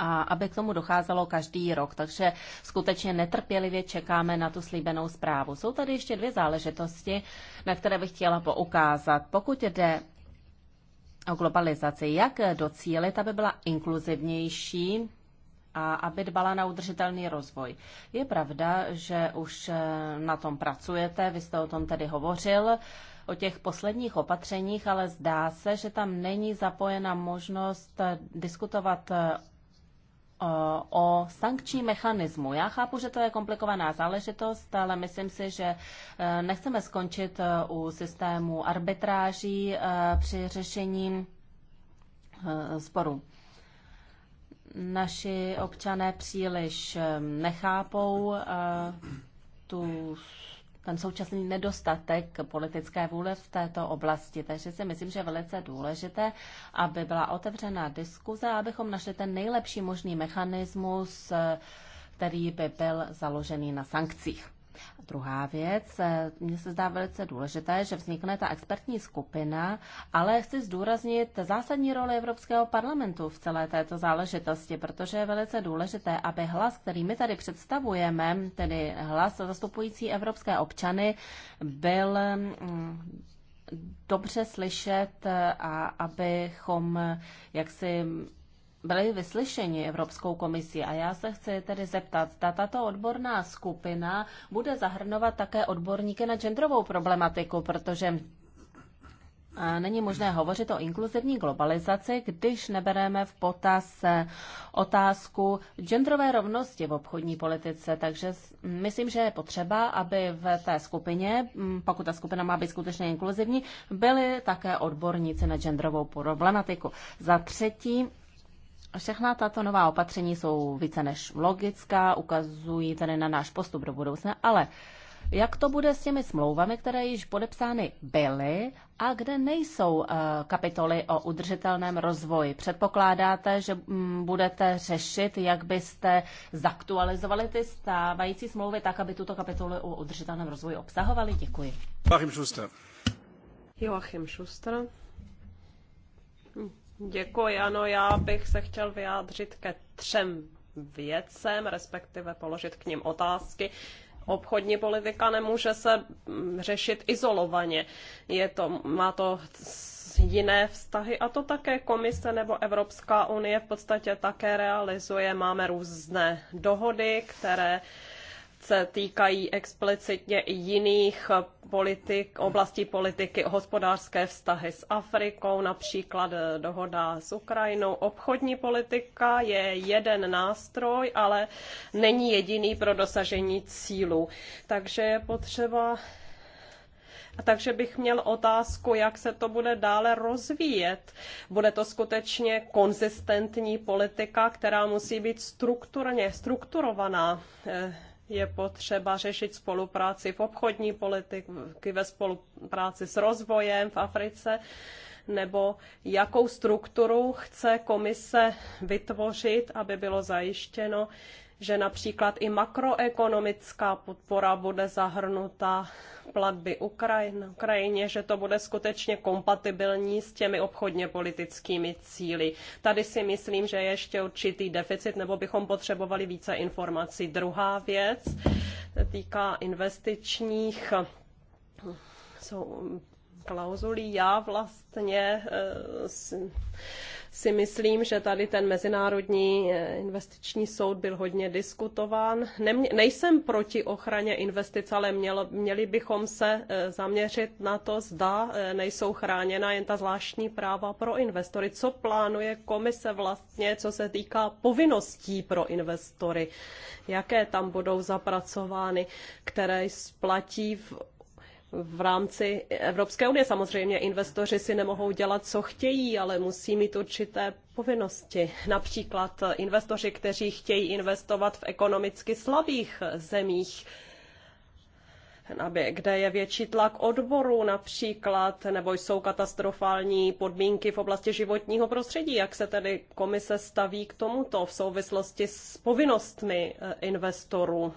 a aby k tomu docházelo každý rok. Takže skutečně netrpělivě čekáme na tu slíbenou zprávu. Jsou tady ještě dvě záležitosti, na které bych chtěla poukázat. Pokud jde o globalizaci, jak docílit, aby byla inkluzivnější a aby dbala na udržitelný rozvoj. Je pravda, že už eh, na tom pracujete, vy jste o tom tedy hovořil, o těch posledních opatřeních, ale zdá se, že tam není zapojena možnost eh, diskutovat eh, Eh, o sankční mechanismu. Já chápu, že to je komplikovaná záležitost, ale myslím si, že eh, nechceme skončit eh, u systému arbitráží při řešení sporu. Naši občané příliš nechápou tu ten současný nedostatek politické vůle v této oblasti. Takže si myslím, že je velice důležité, aby byla otevřená diskuze, abychom našli ten nejlepší možný mechanismus, který by byl založený na sankcích druhá věc, eh, mně se zdá velice důležité, že vznikne ta expertní skupina, ale chci zdůraznit zásadní roli Evropského parlamentu v celé této záležitosti, protože je velice důležité, aby hlas, který my tady představujeme, tedy hlas zastupující evropské občany, byl mm, dobře slyšet eh, a abychom jaksi byli vyslyšeni Evropskou komisí a já se chci tedy zeptat, zda tato odborná skupina bude zahrnovat také odborníky na genderovou problematiku, protože Není možné hovořit o inkluzivní globalizaci, když nebereme v potaz otázku genderové rovnosti v obchodní politice. Takže myslím, že je potřeba, aby v té skupině, pokud ta skupina má být skutečně inkluzivní, byli také odborníci na genderovou problematiku. Za třetí, Všechna tato nová opatření jsou více než logická, ukazují tedy na náš postup do budoucna, ale jak to bude s těmi smlouvami, které již podepsány byly a kde nejsou eh, kapitoly o udržitelném rozvoji? Předpokládáte, že mm, budete řešit, jak byste zaktualizovali ty stávající smlouvy tak, aby tuto kapitolu o udržitelném rozvoji obsahovaly? Děkuji. Joachim Schuster. Joachim Schuster. Hm. Děkuji, ano, já bych se chtěl vyjádřit ke třem věcem, respektive položit k ním otázky. Obchodní politika nemůže se mm, řešit izolovaně. Je to, má to jiné vztahy a to také komise nebo Evropská unie v podstatě také realizuje. Máme různé dohody, které se týkají explicitně i jiných politik, oblastí politiky, hospodářské vztahy s Afrikou, například dohoda s Ukrajinou. Obchodní politika je jeden nástroj, ale není jediný pro dosažení cílů. Takže je potřeba a takže bych měl otázku, jak se to bude dále rozvíjet. Bude to skutečně konzistentní politika, která musí být strukturně strukturovaná. Eh, je potřeba řešit spolupráci v obchodní politiky, ve spolupráci s rozvojem v Africe, nebo jakou strukturu chce komise vytvořit, aby bylo zajištěno, že například i makroekonomická podpora bude zahrnuta platby Ukrajin, Ukrajině, že to bude skutečně kompatibilní s těmi obchodně politickými cíly. Tady si myslím, že je ještě určitý deficit, nebo bychom potřebovali více informací. Druhá věc týká investičních eh, jsou klauzulí. Já vlastně eh, si myslím, že tady ten Mezinárodní eh, investiční soud byl hodně diskutován. Nemě, nejsem proti ochraně investic, ale měl, měli bychom se eh, zaměřit na to, zda eh, nejsou chráněna jen ta zvláštní práva pro investory. Co plánuje komise vlastně, co se týká povinností pro investory? Jaké tam budou zapracovány, které splatí v v rámci Evropské unie. Samozřejmě investoři si nemohou dělat, co chtějí, ale musí mít určité povinnosti. Například investoři, kteří chtějí investovat v ekonomicky slabých zemích, aby, kde je větší tlak odboru například, nebo jsou katastrofální podmínky v oblasti životního prostředí. Jak se tedy komise staví k tomuto v souvislosti s povinnostmi eh, investorů?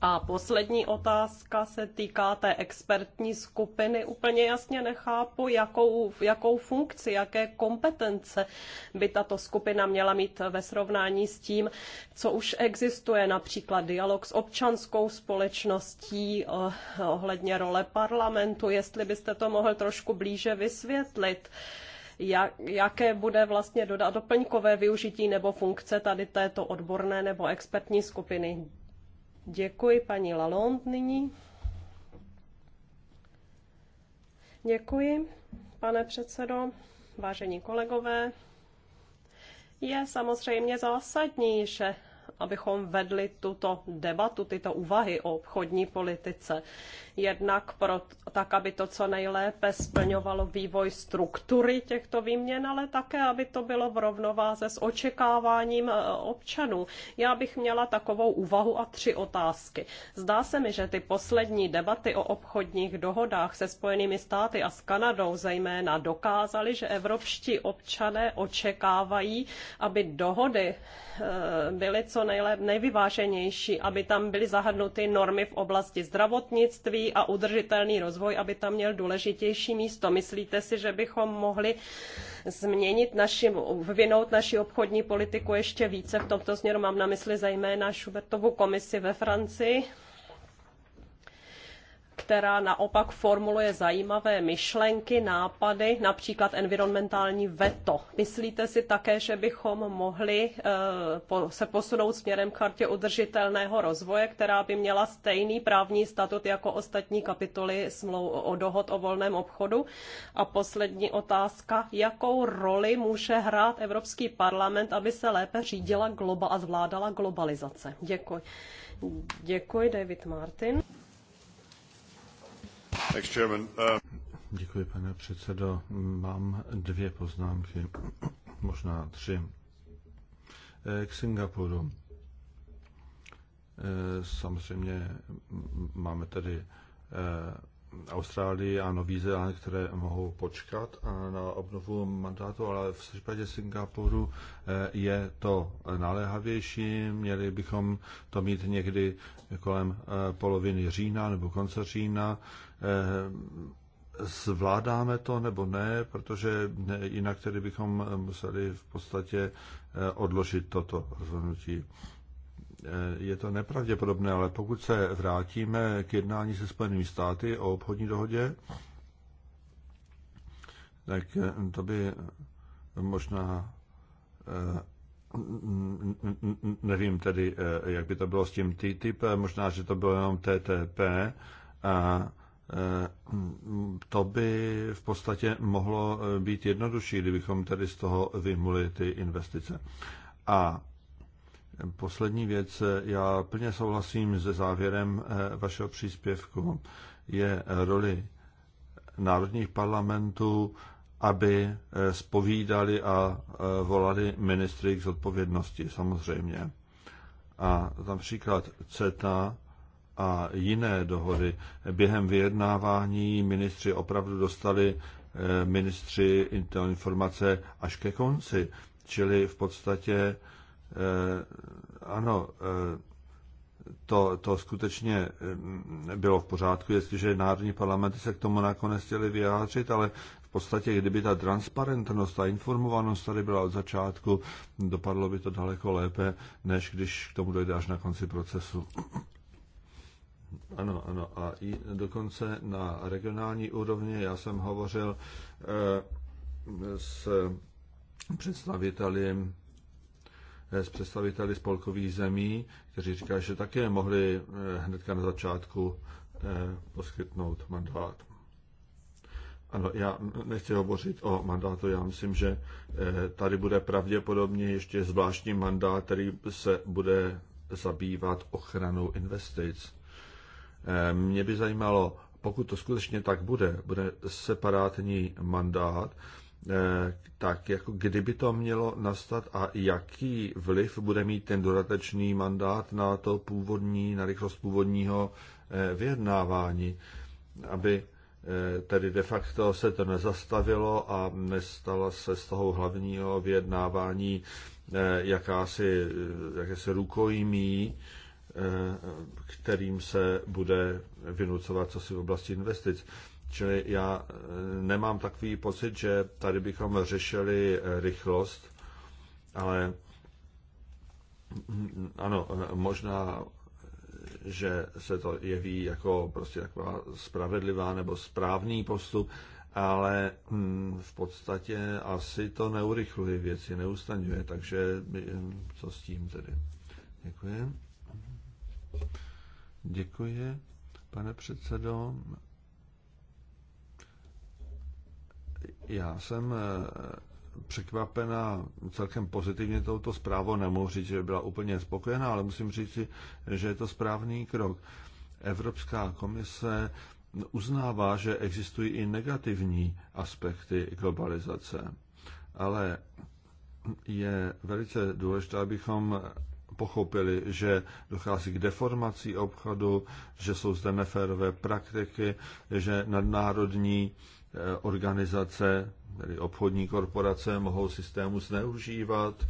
A poslední otázka se týká té expertní skupiny. Úplně jasně nechápu, jakou, jakou funkci, jaké kompetence by tato skupina měla mít ve srovnání s tím, co už existuje, například dialog s občanskou společností eh, ohledně role parlamentu. Jestli byste to mohl trošku blíže vysvětlit jak, jaké bude vlastně dodat doplňkové využití nebo funkce tady této odborné nebo expertní skupiny. Děkuji paní Lalond nyní. Děkuji, pane předsedo, vážení kolegové. Je samozřejmě zásadní, že abychom vedli tuto debatu, tyto úvahy o obchodní politice. Jednak pro, tak, aby to co nejlépe splňovalo vývoj struktury těchto výměn, ale také, aby to bylo v rovnováze s očekáváním eh, občanů. Já bych měla takovou úvahu a tři otázky. Zdá se mi, že ty poslední debaty o obchodních dohodách se Spojenými státy a s Kanadou zejména dokázaly, že evropští občané očekávají, aby dohody eh, byly co nejlep, nejvyváženější, aby tam byly zahrnuty normy v oblasti zdravotnictví a udržitelný rozvoj, aby tam měl důležitější místo. Myslíte si, že bychom mohli změnit naši, vyvinout naši obchodní politiku ještě více v tomto směru? Mám na mysli zejména Schubertovu komisi ve Francii, která naopak formuluje zajímavé myšlenky, nápady, například environmentální veto. Myslíte si také, že bychom mohli eh, se posunout směrem k chartě udržitelného rozvoje, která by měla stejný právní statut jako ostatní kapitoly o dohod o volném obchodu? A poslední otázka, jakou roli může hrát Evropský parlament, aby se lépe řídila globa a zvládala globalizace? Děkuji. Děkuji, David Martin. Um, Děkuji, pane předsedo. Mám dvě poznámky, možná tři. Eh, k Singapuru. Eh, samozřejmě máme tady eh, Austrálii a Nový Zéland, které mohou počkat na obnovu mandátu, ale v případě Singapuru eh, je to naléhavější. Měli bychom to mít někdy kolem eh, poloviny října nebo konce října. Eh, zvládáme to nebo ne, protože jinak tedy bychom museli v podstatě odložit toto rozhodnutí. Eh, je to nepravděpodobné, ale pokud se vrátíme k jednání se Spojenými státy o obchodní dohodě, tak eh, to by možná eh, nevím tedy, jak by to bylo s tím TTIP, možná, že to bylo jenom TTP a to by v podstatě mohlo být jednodušší, kdybychom tedy z toho vymuli ty investice. A Poslední věc. Já plně souhlasím se závěrem eh, vašeho příspěvku. Je roli národních parlamentů, aby spovídali eh, a eh, volali ministry k zodpovědnosti, samozřejmě. A například CETA a jiné dohody. Během vyjednávání ministři opravdu dostali ministři informace až ke konci, čili v podstatě Eh, ano, eh, to, to skutečně mm, bylo v pořádku, jestliže národní parlamenty se k tomu nakonec chtěli vyjádřit, ale v podstatě, kdyby ta transparentnost, a informovanost tady byla od začátku, dopadlo by to daleko lépe, než když k tomu dojde až na konci procesu. Ano, ano. A i dokonce na regionální úrovni já jsem hovořil eh, s představitelím Eh, s představiteli spolkových zemí, kteří říkají, že také mohli eh, hnedka na začátku eh, poskytnout mandát. Ano, já nechci hovořit o mandátu, já myslím, že tady bude pravděpodobně ještě zvláštní mandát, který se bude zabývat ochranou investic. Mě by zajímalo, pokud to skutečně tak bude, bude separátní mandát, Eh, tak jako kdyby to mělo nastat a jaký vliv bude mít ten dodatečný mandát na to původní, na rychlost původního eh, vyjednávání, aby eh, tedy de facto se to nezastavilo a nestala se z toho hlavního vyjednávání jakási, jakési rukojmí, kterým se bude vynucovat co si v oblasti investic. Čili já eh, nemám takový pocit, že tady bychom řešili eh, rychlost, ale mm, ano, eh, možná, že se to jeví jako prostě taková spravedlivá nebo správný postup, ale mm, v podstatě asi to neurychluje věci, neustaňuje, takže mm, co s tím tedy? Děkuji. Děkuji, pane předsedo. Já jsem eh, překvapena celkem pozitivně touto zprávou. Nemohu říct, že byla úplně spokojená, ale musím říct, že je to správný krok. Evropská komise uznává, že existují i negativní aspekty globalizace, ale je velice důležité, abychom pochopili, že dochází k deformací obchodu, že jsou zde neférové praktiky, že nadnárodní Eh, organizace, tedy obchodní korporace, mohou systému zneužívat,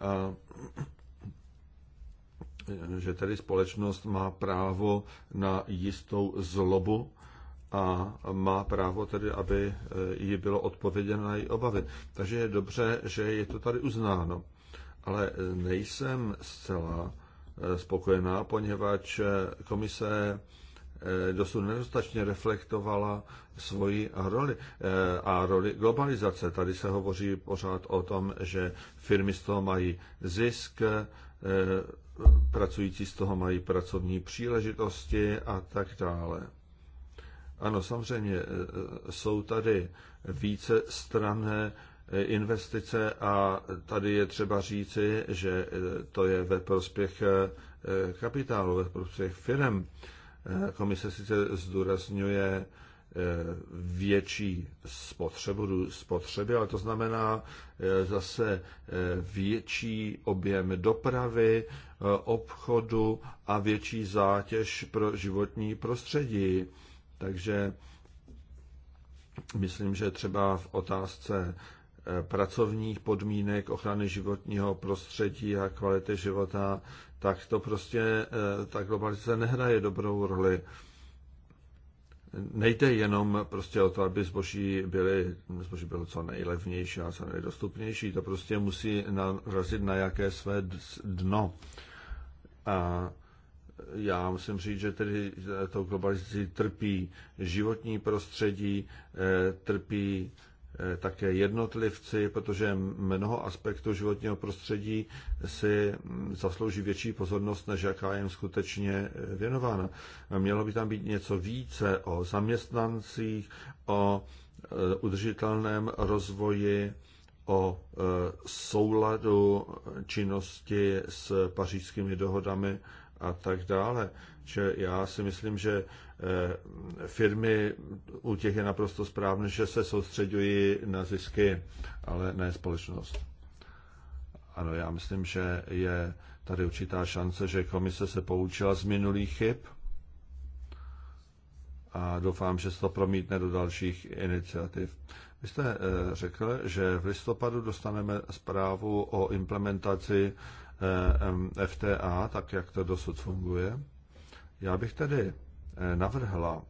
a, (clears throat) že tedy společnost má právo na jistou zlobu a má právo tedy, aby eh, jí bylo odpověděno na její obavy. Takže je dobře, že je to tady uznáno. Ale nejsem zcela eh, spokojená, poněvadž komise Eh, dosud nedostatečně reflektovala svoji roli eh, a roli globalizace. Tady se hovoří pořád o tom, že firmy z toho mají zisk, eh, pracující z toho mají pracovní příležitosti a tak dále. Ano, samozřejmě jsou tady více strané investice a tady je třeba říci, že to je ve prospěch kapitálu, ve prospěch firm. Eh, komise sice zdůrazňuje eh, větší spotřebu, spotřeby, ale to znamená eh, zase větší objem dopravy, obchodu a větší zátěž pro životní prostředí. Takže myslím, že třeba v otázce pracovních podmínek, ochrany životního prostředí a kvality života tak to prostě eh, ta globalizace nehraje dobrou roli. Nejde jenom prostě o to, aby zboží, byly, zboží bylo co nejlevnější a co nejdostupnější. To prostě musí narazit na jaké své dno. A já musím říct, že tedy to globalizaci trpí životní prostředí, eh, trpí Eh, také jednotlivci, protože mnoho aspektů životního prostředí si mm, zaslouží větší pozornost, než jaká jim skutečně eh, věnována. Mělo by tam být něco více o zaměstnancích, o eh, udržitelném rozvoji, o souladu činnosti s pařížskými dohodami a tak dále že já si myslím, že eh, firmy u těch je naprosto správné, že se soustředují na zisky, ale ne společnost. Ano, já myslím, že je tady určitá šance, že komise se poučila z minulých chyb a doufám, že se to promítne do dalších iniciativ. Vy jste eh, řekl, že v listopadu dostaneme zprávu o implementaci eh, FTA, tak jak to dosud funguje. Já bych tedy eh, navrhla,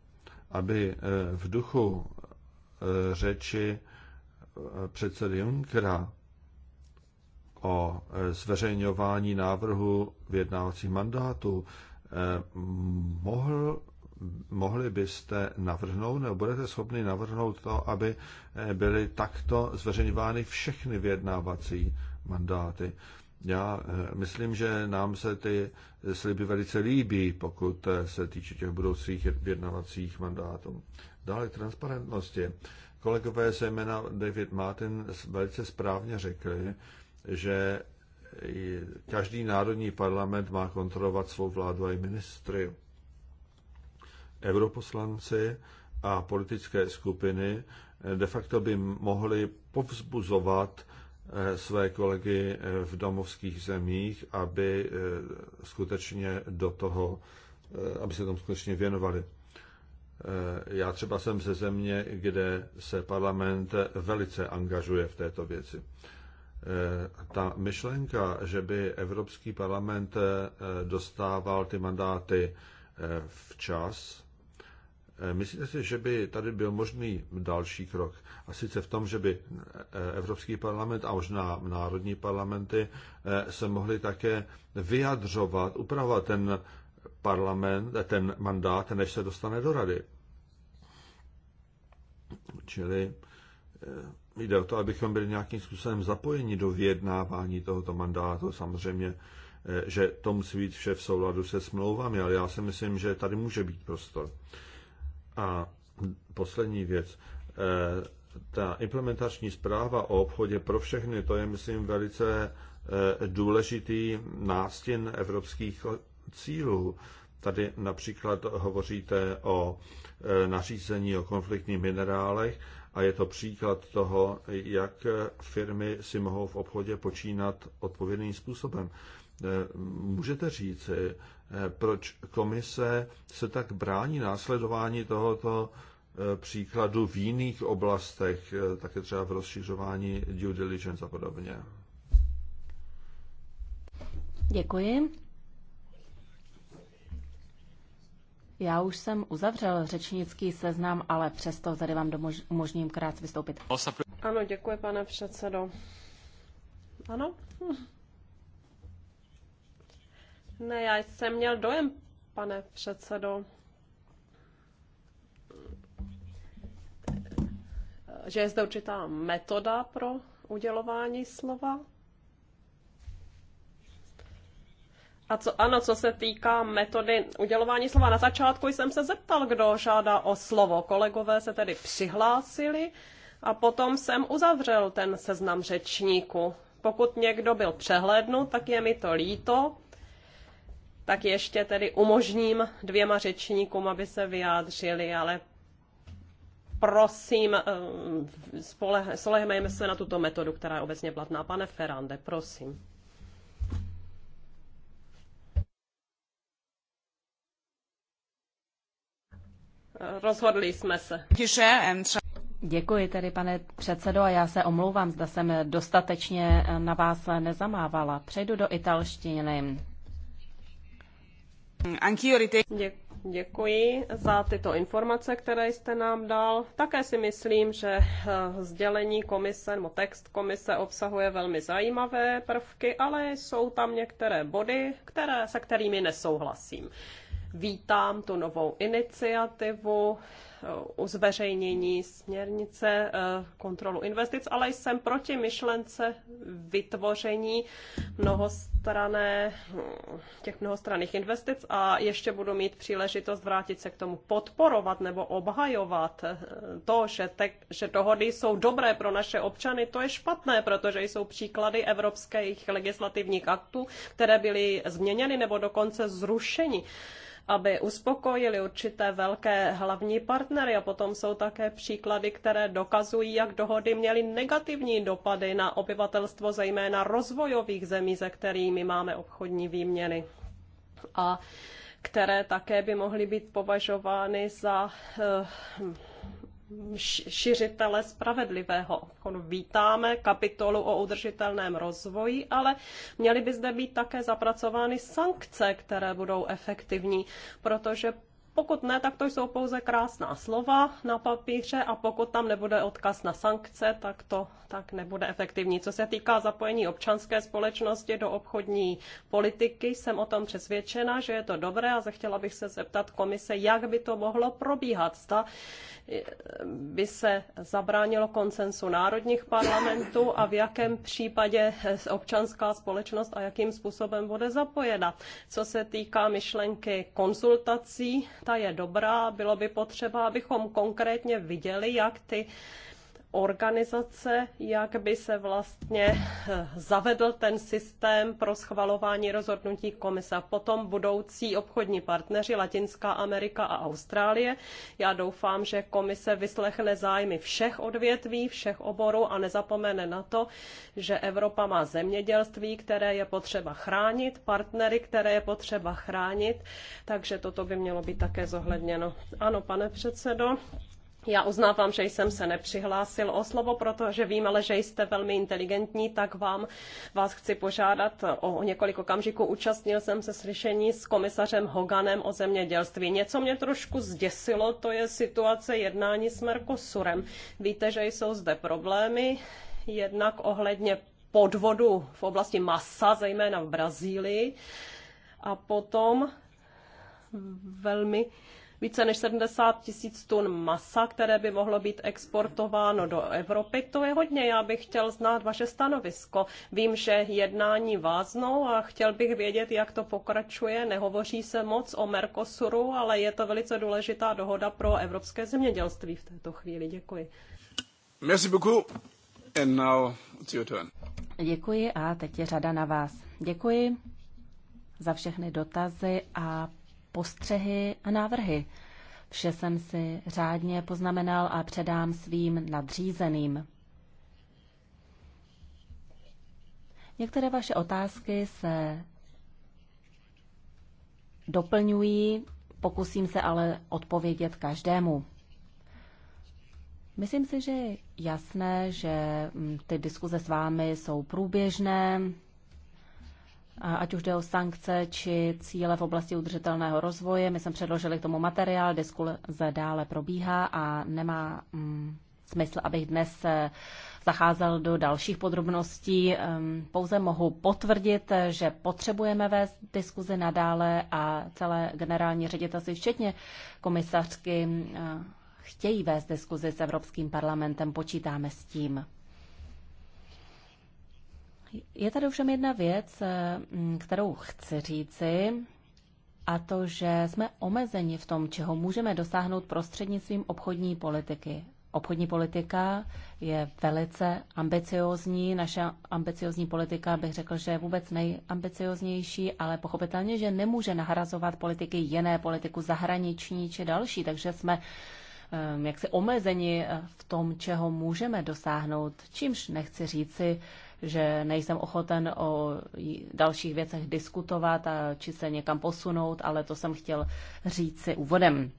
aby eh, v duchu eh, řeči předsedy Junckera o zveřejňování návrhu vyjednávacích mandátů, mohl, mohli byste navrhnout, nebo budete schopni navrhnout to, aby byly takto zveřejňovány všechny vyjednávací mandáty. Já eh, myslím, že nám se ty sliby velice líbí, pokud eh, se týče těch budoucích vyjednavacích mandátů. Dále k transparentnosti. Kolegové jména David Martin velice správně řekli, že eh, každý národní parlament má kontrolovat svou vládu a i ministry. Europoslanci a politické skupiny de facto by mohli povzbuzovat Eh, své kolegy eh, v domovských zemích, aby eh, skutečně do toho, aby se tomu skutečně věnovali. Já třeba jsem ze země, kde se parlament velice angažuje v této věci. Ta myšlenka, že by Evropský parlament dostával ty mandáty včas, Eh, myslíte si, že by tady byl možný další krok? A sice v tom, že by eh, Evropský parlament a možná národní parlamenty eh, se mohly také vyjadřovat, upravovat ten parlament, ten mandát, než se dostane do rady. Čili jde o to, abychom byli nějakým způsobem zapojeni do vyjednávání tohoto mandátu. Samozřejmě, že to musí být vše v souladu se smlouvami, ale já si myslím, že tady může být prostor. A poslední věc. E, ta implementační zpráva o obchodě pro všechny, to je, myslím, velice e, důležitý nástin evropských cílů. Tady například hovoříte o e, nařízení o konfliktních minerálech a je to příklad toho, jak firmy si mohou v obchodě počínat odpovědným způsobem. Můžete říci, Eh, proč komise se tak brání následování tohoto eh, příkladu v jiných oblastech, eh, také třeba v rozšiřování due diligence a podobně. Děkuji. Já už jsem uzavřel řečnický seznam, ale přesto tady vám umožním krát vystoupit. Ano, děkuji, pane předsedo. Ano? Hm. Ne, já jsem měl dojem, pane předsedo, že je zde určitá metoda pro udělování slova. A co, ano, co se týká metody udělování slova, na začátku jsem se zeptal, kdo žádá o slovo. Kolegové se tedy přihlásili a potom jsem uzavřel ten seznam řečníku. Pokud někdo byl přehlednut, tak je mi to líto tak ještě tedy umožním dvěma řečníkům, aby se vyjádřili, ale prosím, eh, spolehmejme se na tuto metodu, která je obecně platná. Pane Ferrande, prosím. Rozhodli jsme se. Děkuji tedy, pane předsedo, a já se omlouvám, zda jsem dostatečně na vás nezamávala. Přejdu do italštiny. Děkuji za tyto informace, které jste nám dal. Také si myslím, že eh, sdělení komise nebo text komise obsahuje velmi zajímavé prvky, ale jsou tam některé body, které, se kterými nesouhlasím. Vítám tu novou iniciativu o eh, zveřejnění směrnice eh, kontrolu investic, ale jsem proti myšlence vytvoření mnohostrané, těch mnohostranných investic a ještě budu mít příležitost vrátit se k tomu podporovat nebo obhajovat eh, to, že, te, že dohody jsou dobré pro naše občany, to je špatné, protože jsou příklady evropských legislativních aktů, které byly změněny nebo dokonce zrušeny aby uspokojili určité velké hlavní partnery. A potom jsou také příklady, které dokazují, jak dohody měly negativní dopady na obyvatelstvo, zejména rozvojových zemí, ze kterými máme obchodní výměny. A které také by mohly být považovány za eh, šiřitele spravedlivého obchodu. Vítáme kapitolu o udržitelném rozvoji, ale měly by zde být také zapracovány sankce, které budou efektivní, protože pokud ne, tak to jsou pouze krásná slova na papíře a pokud tam nebude odkaz na sankce, tak to tak nebude efektivní. Co se týká zapojení občanské společnosti do obchodní politiky, jsem o tom přesvědčena, že je to dobré a zechtěla bych se zeptat komise, jak by to mohlo probíhat. Zda eh, by se zabránilo konsensu národních parlamentů a v jakém případě eh, občanská společnost a jakým způsobem bude zapojena. Co se týká myšlenky konzultací, je dobrá, bylo by potřeba, abychom konkrétně viděli, jak ty organizace, jak by se vlastně eh, zavedl ten systém pro schvalování rozhodnutí komise. Potom budoucí obchodní partneři Latinská Amerika a Austrálie. Já doufám, že komise vyslechne zájmy všech odvětví, všech oborů a nezapomene na to, že Evropa má zemědělství, které je potřeba chránit, partnery, které je potřeba chránit, takže toto by mělo být také zohledněno. Ano, pane předsedo, já uznávám, že jsem se nepřihlásil o slovo, protože vím, ale že jste velmi inteligentní, tak vám vás chci požádat o několik okamžiků. Účastnil jsem se slyšení s komisařem Hoganem o zemědělství. Něco mě trošku zděsilo, to je situace jednání s Mercosurem. Víte, že jsou zde problémy, jednak ohledně podvodu v oblasti masa, zejména v Brazílii, a potom velmi více než 70 tisíc tun masa, které by mohlo být exportováno do Evropy. To je hodně. Já bych chtěl znát vaše stanovisko. Vím, že jednání váznou a chtěl bych vědět, jak to pokračuje. Nehovoří se moc o Mercosuru, ale je to velice důležitá dohoda pro evropské zemědělství v této chvíli. Děkuji. Merci beaucoup. And now it's your turn. Děkuji a teď je řada na vás. Děkuji za všechny dotazy a postřehy a návrhy. Vše jsem si řádně poznamenal a předám svým nadřízeným. Některé vaše otázky se doplňují, pokusím se ale odpovědět každému. Myslím si, že je jasné, že mm, ty diskuze s vámi jsou průběžné, ať už jde o sankce či cíle v oblasti udržitelného rozvoje. My jsme předložili k tomu materiál, diskuze dále probíhá a nemá mm, smysl, abych dnes eh, zacházel do dalších podrobností. Ehm, pouze mohu potvrdit, že potřebujeme vést diskuzi nadále a celé generální ředitelství, včetně komisařky, eh, chtějí vést diskuzi s Evropským parlamentem. Počítáme s tím. Je tady ovšem jedna věc, eh, kterou chci říci, a to, že jsme omezeni v tom, čeho můžeme dosáhnout prostřednictvím obchodní politiky. Obchodní politika je velice ambiciozní. Naše ambiciozní politika, bych řekl, že je vůbec nejambicioznější, ale pochopitelně, že nemůže nahrazovat politiky jiné, politiku zahraniční či další, takže jsme eh, jaksi omezeni eh, v tom, čeho můžeme dosáhnout, čímž nechci říci, že nejsem ochoten o dalších věcech diskutovat a či se někam posunout, ale to jsem chtěl říct si úvodem.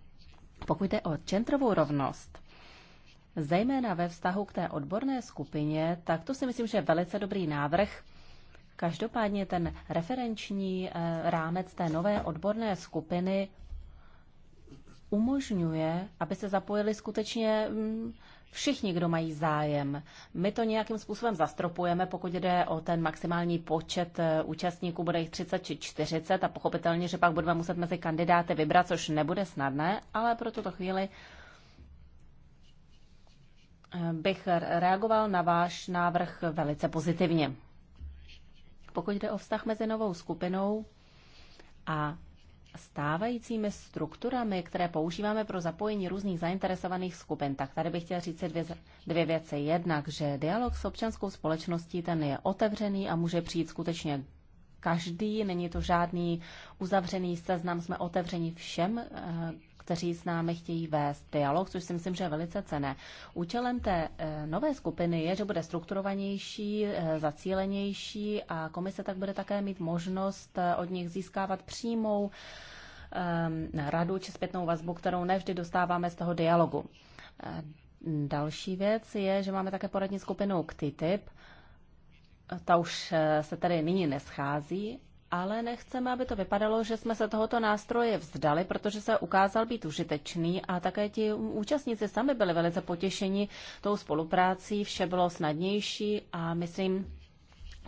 Pokud jde o centrovou rovnost, zejména ve vztahu k té odborné skupině, tak to si myslím, že je velice dobrý návrh. Každopádně ten referenční eh, rámec té nové odborné skupiny umožňuje, aby se zapojili skutečně mm, všichni, kdo mají zájem. My to nějakým způsobem zastropujeme, pokud jde o ten maximální počet eh, účastníků, bude jich 30 či 40 a pochopitelně, že pak budeme muset mezi kandidáty vybrat, což nebude snadné, ale pro tuto chvíli eh, bych reagoval na váš návrh velice pozitivně. Pokud jde o vztah mezi novou skupinou a stávajícími strukturami, které používáme pro zapojení různých zainteresovaných skupin, tak tady bych chtěla říct dvě, dvě věci. Jednak, že dialog s občanskou společností ten je otevřený a může přijít skutečně každý, není to žádný uzavřený seznam, jsme otevřeni všem, eh, kteří s námi chtějí vést dialog, což si myslím, že je velice cené. Účelem té eh, nové skupiny je, že bude strukturovanější, eh, zacílenější a komise tak bude také mít možnost eh, od nich získávat přímou ehm, radu či zpětnou vazbu, kterou nevždy dostáváme z toho dialogu. Další věc je, že máme také poradní skupinu k TTIP. Ta už se tady nyní neschází, ale nechceme, aby to vypadalo, že jsme se tohoto nástroje vzdali, protože se ukázal být užitečný a také ti účastníci sami byli velice potěšeni tou spoluprácí, vše bylo snadnější a myslím,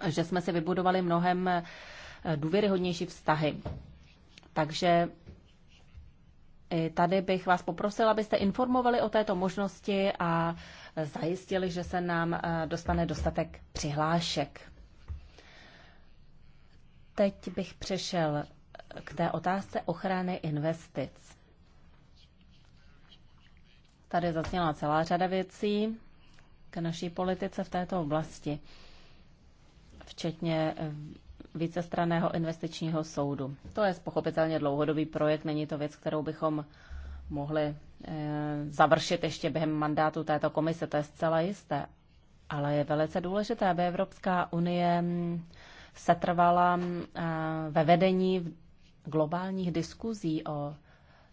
že jsme si vybudovali mnohem eh, důvěryhodnější vztahy. Takže tady bych vás poprosila, abyste informovali o této možnosti a eh, zajistili, že se nám eh, dostane dostatek přihlášek. Teď bych přešel k té otázce ochrany investic. Tady zazněla celá řada věcí k naší politice v této oblasti, včetně vícestraného investičního soudu. To je pochopitelně dlouhodobý projekt, není to věc, kterou bychom mohli eh, završit ještě během mandátu této komise, to je zcela jisté. Ale je velice důležité, aby Evropská unie mm, setrvala mm, eh, ve vedení globálních diskuzí o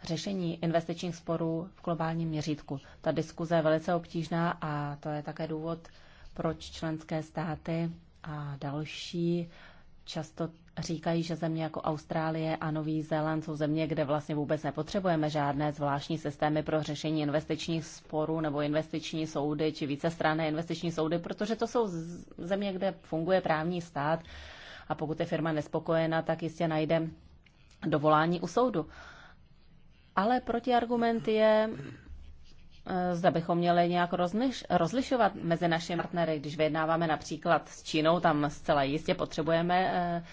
řešení investičních sporů v globálním měřítku. Ta diskuze je velice obtížná a to je také důvod, proč členské státy a další často říkají, že země jako Austrálie a Nový Zéland jsou země, kde vlastně vůbec nepotřebujeme žádné zvláštní systémy pro řešení investičních sporů nebo investiční soudy či vícestranné investiční soudy, protože to jsou země, kde funguje právní stát a pokud je firma nespokojená, tak jistě najde dovolání u soudu. Ale protiargument je, eh, zda bychom měli nějak rozliš, rozlišovat mezi našimi partnery. Když vyjednáváme například s Čínou, tam zcela jistě potřebujeme eh,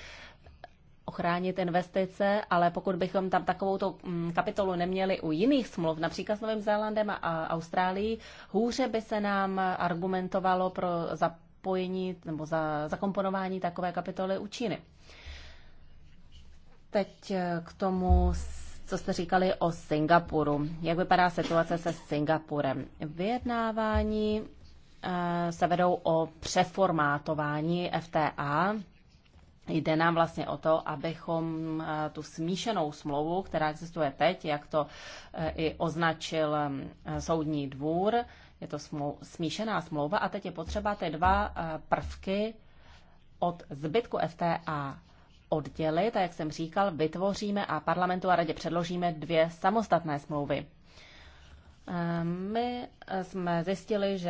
ochránit investice, ale pokud bychom tam takovou mm, kapitolu neměli u jiných smluv, například s Novým Zélandem a Austrálií, hůře by se nám argumentovalo pro zapojení nebo za zakomponování takové kapitoly u Číny. Teď eh, k tomu, co jste říkali o Singapuru. Jak vypadá situace se Singapurem? Vyjednávání eh, se vedou o přeformátování FTA. Jde nám vlastně o to, abychom eh, tu smíšenou smlouvu, která existuje teď, jak to i označil soudní dvůr, je to smlou, smíšená smlouva a teď je potřeba ty dva eh, prvky od zbytku FTA oddělit a jak jsem říkal, vytvoříme a parlamentu a radě předložíme dvě samostatné smlouvy. Ehm, my eh, jsme zjistili, že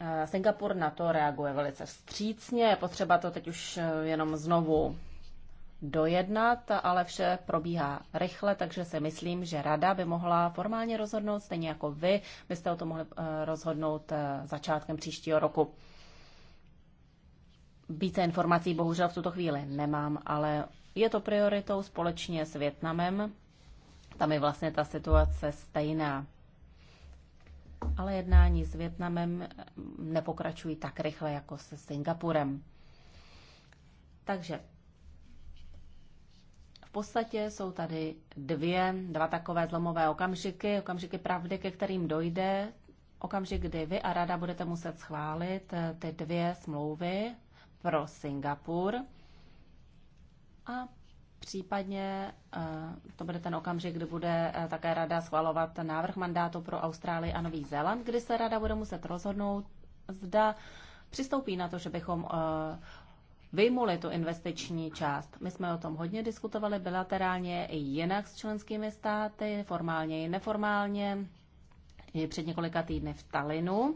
eh, Singapur na to reaguje velice vstřícně, je potřeba to teď už jenom znovu dojednat, ale vše probíhá rychle, takže si myslím, že rada by mohla formálně rozhodnout, stejně jako vy byste o tom mohli eh, rozhodnout eh, začátkem příštího roku. Více informací bohužel v tuto chvíli nemám, ale je to prioritou společně s Větnamem. Tam je vlastně ta situace stejná. Ale jednání s Větnamem eh, nepokračují tak rychle jako se Singapurem. Takže podstatě jsou tady dvě, dva takové zlomové okamžiky, okamžiky pravdy, ke kterým dojde, okamžik, kdy vy a rada budete muset schválit eh, ty dvě smlouvy pro Singapur a případně eh, to bude ten okamžik, kdy bude eh, také rada schvalovat návrh mandátu pro Austrálii a Nový Zéland, kdy se rada bude muset rozhodnout, zda přistoupí na to, že bychom vyjmuli tu investiční část. My jsme o tom hodně diskutovali bilaterálně i jinak s členskými státy, formálně i neformálně, i před několika týdny v Talinu.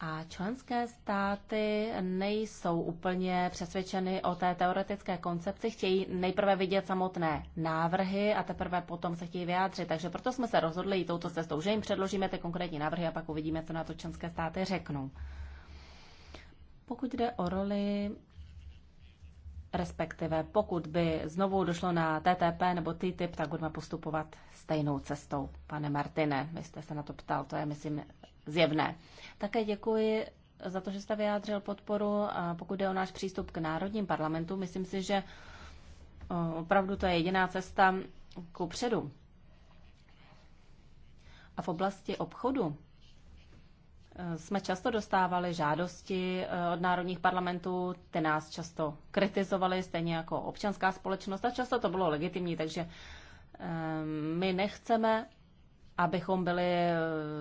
A členské státy nejsou úplně přesvědčeny o té teoretické koncepci, chtějí nejprve vidět samotné návrhy a teprve potom se chtějí vyjádřit. Takže proto jsme se rozhodli i touto cestou, že jim předložíme ty konkrétní návrhy a pak uvidíme, co na to členské státy řeknou. Pokud jde o roli, respektive pokud by znovu došlo na TTP nebo TTIP, tak budeme postupovat stejnou cestou. Pane Martine, vy jste se na to ptal, to je, myslím, zjevné. Také děkuji za to, že jste vyjádřil podporu, a pokud jde o náš přístup k národním parlamentu, Myslím si, že opravdu to je jediná cesta ku předu. A v oblasti obchodu jsme často dostávali žádosti eh, od národních parlamentů, ty nás často kritizovali, stejně jako občanská společnost a často to bylo legitimní, takže ehm, my nechceme, abychom byli eh,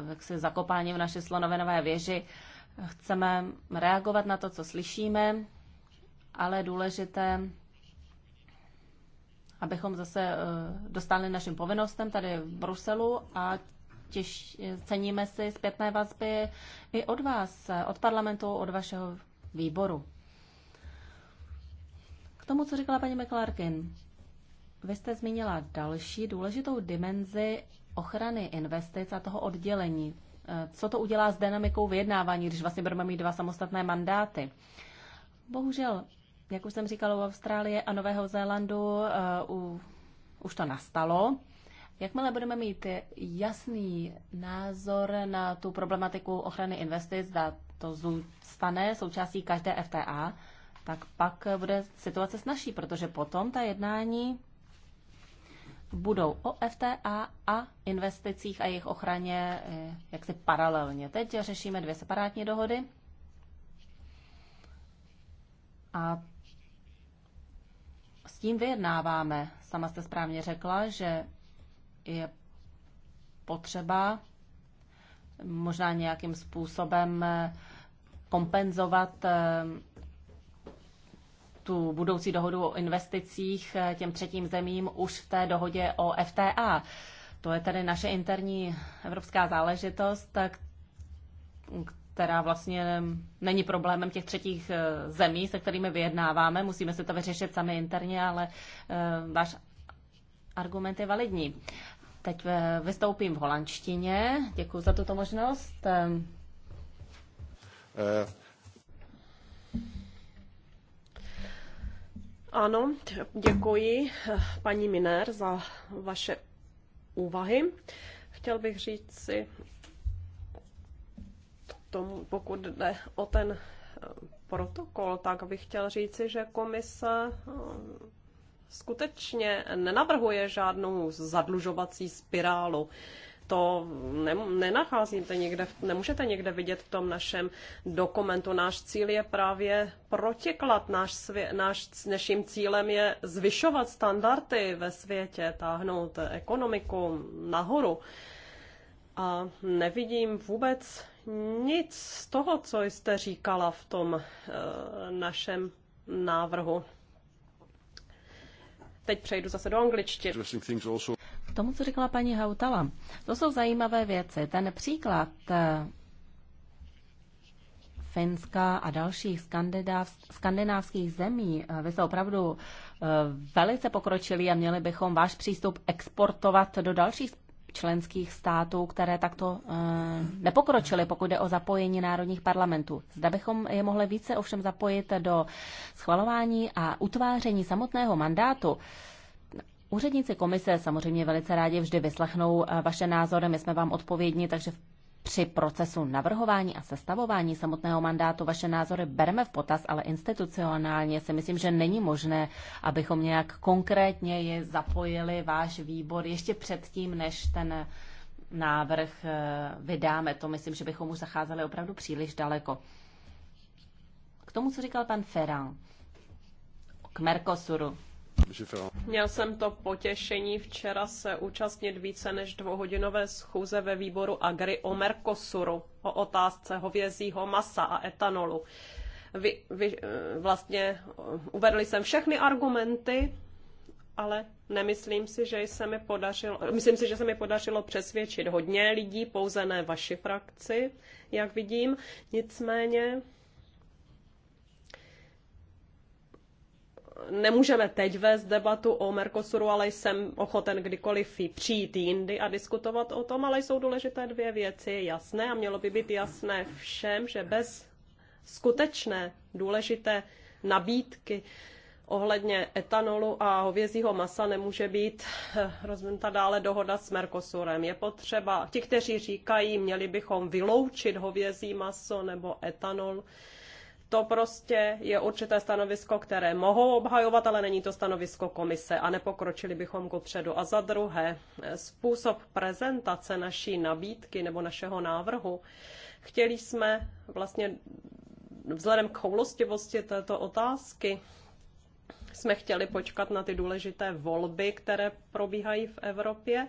jaksi zakopáni v naší slonovinové věži. Chceme reagovat na to, co slyšíme, ale důležité, abychom zase eh, dostali našim povinnostem tady v Bruselu a těž, ceníme si zpětné vazby i od vás, od parlamentu, od vašeho výboru. K tomu, co říkala paní McClarkin, vy jste zmínila další důležitou dimenzi ochrany investic a toho oddělení. Eh, co to udělá s dynamikou vyjednávání, když vlastně budeme mít dva samostatné mandáty? Bohužel, jak už jsem říkala, u Austrálie a Nového Zélandu uh, u, už to nastalo. Jakmile budeme mít jasný názor na tu problematiku ochrany investic, zda to zůstane součástí každé FTA, tak pak bude situace snažší, protože potom ta jednání budou o FTA a investicích a jejich ochraně eh, jaksi paralelně. Teď řešíme dvě separátní dohody a s tím vyjednáváme. Sama jste správně řekla, že je potřeba možná nějakým způsobem eh, kompenzovat eh, tu budoucí dohodu o investicích eh, těm třetím zemím už v té dohodě o FTA. To je tedy naše interní evropská záležitost, tak která vlastně není problémem těch třetích zemí, se kterými vyjednáváme. Musíme se to vyřešit sami interně, ale váš argument je validní. Teď eh, vystoupím v holandštině. Děkuji za tuto možnost. Eh, ano, děkuji eh, paní Miner za vaše úvahy. Chtěl bych říct si tomu, pokud jde o ten protokol, tak bych chtěl říci, že komise skutečně nenavrhuje žádnou zadlužovací spirálu. To ne, nenacházíte někde, nemůžete někde vidět v tom našem dokumentu. Náš cíl je právě protiklad. Náš, svě, náš, naším cílem je zvyšovat standardy ve světě, táhnout ekonomiku nahoru. A nevidím vůbec nic z toho, co jste říkala v tom e, našem návrhu teď přejdu zase do angličtiny. K tomu, co říkala paní Hautala, to jsou zajímavé věci. Ten příklad eh, Finska a dalších skandinávských zemí. Eh, vy jste opravdu eh, velice pokročili a měli bychom váš přístup exportovat do dalších členských států, které takto eh, nepokročily, pokud jde o zapojení národních parlamentů. Zda bychom je mohli více ovšem zapojit do schvalování a utváření samotného mandátu. Úředníci komise samozřejmě velice rádi vždy vyslechnou eh, vaše názory, my jsme vám odpovědní, takže v při procesu navrhování a sestavování samotného mandátu vaše názory bereme v potaz, ale institucionálně si myslím, že není možné, abychom nějak konkrétně je zapojili váš výbor ještě předtím, než ten návrh eh, vydáme. To myslím, že bychom už zacházeli opravdu příliš daleko. K tomu, co říkal pan Ferran, k Mercosuru. Měl jsem to potěšení včera se účastnit více než dvouhodinové schůze ve výboru Agri o Mercosuru, o otázce hovězího masa a etanolu. Vy, vy, eh, vlastně eh, uvedli jsem všechny argumenty, ale nemyslím si, že se mi podařilo, myslím si, že se mi podařilo přesvědčit hodně lidí, pouze ne vaši frakci, jak vidím. Nicméně nemůžeme teď vést debatu o Mercosuru, ale jsem ochoten kdykoliv přijít jindy a diskutovat o tom, ale jsou důležité dvě věci jasné a mělo by být jasné všem, že bez skutečné důležité nabídky ohledně etanolu a hovězího masa nemůže být eh, rozvinuta dále dohoda s Mercosurem. Je potřeba, ti, kteří říkají, měli bychom vyloučit hovězí maso nebo etanol, to prostě je určité stanovisko, které mohou obhajovat, ale není to stanovisko komise a nepokročili bychom ku předu. A za druhé, způsob prezentace naší nabídky nebo našeho návrhu. Chtěli jsme vlastně vzhledem k choulostivosti této otázky jsme chtěli počkat na ty důležité volby, které probíhají v Evropě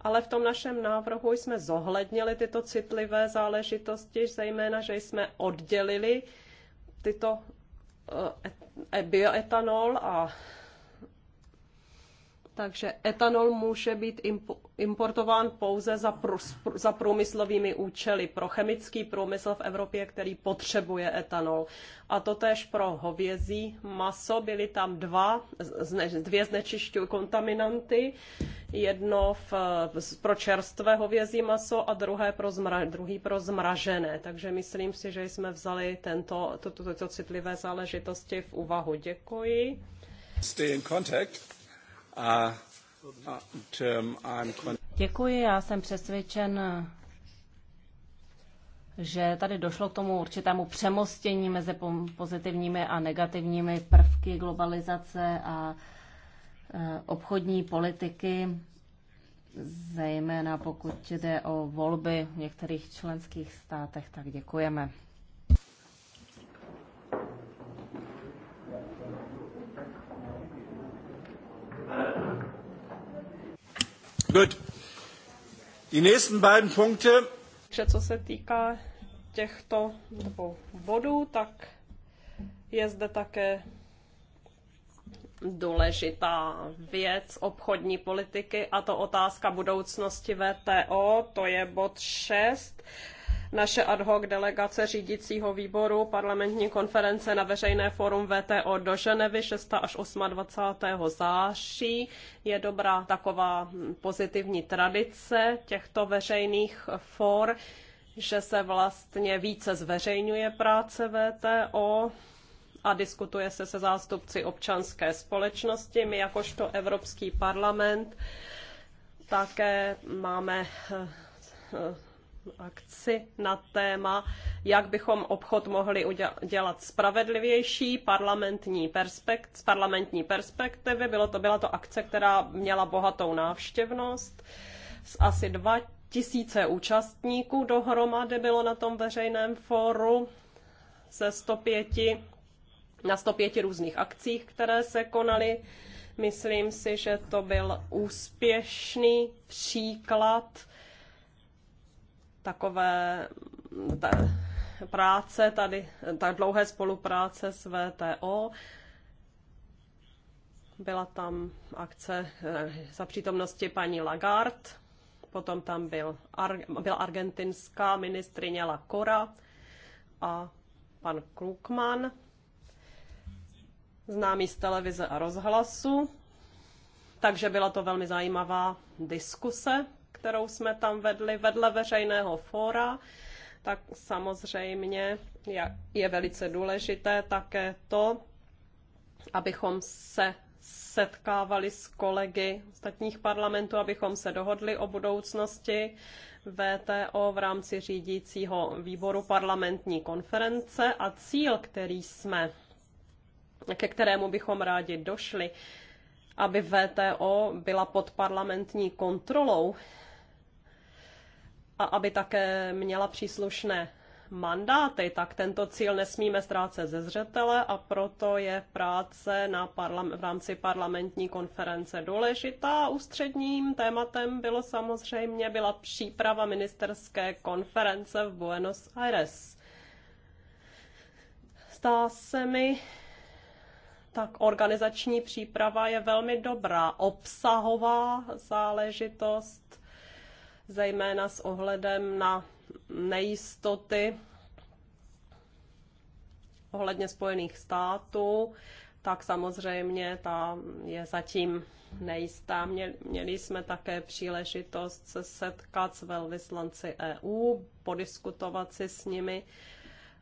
ale v tom našem návrhu jsme zohlednili tyto citlivé záležitosti, zejména, že jsme oddělili tyto eh, e- bioetanol a takže etanol může být importován pouze za, pr- za průmyslovými účely, pro chemický průmysl v Evropě, který potřebuje etanol. A to též pro hovězí maso byly tam dva, zne, dvě znečišťují kontaminanty, jedno v, pro čerstvé hovězí maso a druhé pro zmra, druhý pro zmražené. Takže myslím si, že jsme vzali tento, to, to, to, to citlivé záležitosti v úvahu. Děkuji. Stay in contact. Děkuji, já jsem přesvědčen, že tady došlo k tomu určitému přemostění mezi pozitivními a negativními prvky globalizace a e, obchodní politiky, zejména pokud jde o volby v některých členských státech, tak děkujeme. Gut. Die nächsten beiden Punkte. co se týká těchto dvou bodů, tak je zde také důležitá věc obchodní politiky a to otázka budoucnosti VTO, to je bod 6 naše ad hoc delegace řídícího výboru parlamentní konference na veřejné fórum VTO do Ženevy 6. až 28. září. Je dobrá taková pozitivní tradice těchto veřejných fór, že se vlastně více zveřejňuje práce VTO, a diskutuje se se zástupci občanské společnosti. My jakožto Evropský parlament také máme eh, akci na téma, jak bychom obchod mohli udělat spravedlivější parlamentní perspekt, z parlamentní perspektivy. Bylo to, byla to akce, která měla bohatou návštěvnost s asi dva tisíce účastníků dohromady bylo na tom veřejném fóru se 105, na 105 různých akcích, které se konaly. Myslím si, že to byl úspěšný příklad takové ta práce tady, tak dlouhé spolupráce s VTO. Byla tam akce eh, za přítomnosti paní Lagarde, potom tam byl, byla argentinská ministrině La Cora a pan Krukman, známý z televize a rozhlasu. Takže byla to velmi zajímavá diskuse kterou jsme tam vedli vedle veřejného fóra, tak samozřejmě je velice důležité také to, abychom se setkávali s kolegy ostatních parlamentů, abychom se dohodli o budoucnosti VTO v rámci řídícího výboru parlamentní konference a cíl, který jsme, ke kterému bychom rádi došli, aby VTO byla pod parlamentní kontrolou, a aby také měla příslušné mandáty, tak tento cíl nesmíme ztrácet ze zřetele a proto je práce na parlam- v rámci parlamentní konference důležitá. Ústředním tématem bylo samozřejmě byla příprava ministerské konference v Buenos Aires. Stá se mi, tak organizační příprava je velmi dobrá, obsahová záležitost zejména s ohledem na nejistoty ohledně Spojených států, tak samozřejmě ta je zatím nejistá. Měli jsme také příležitost se setkat s velvyslanci EU, podiskutovat si s nimi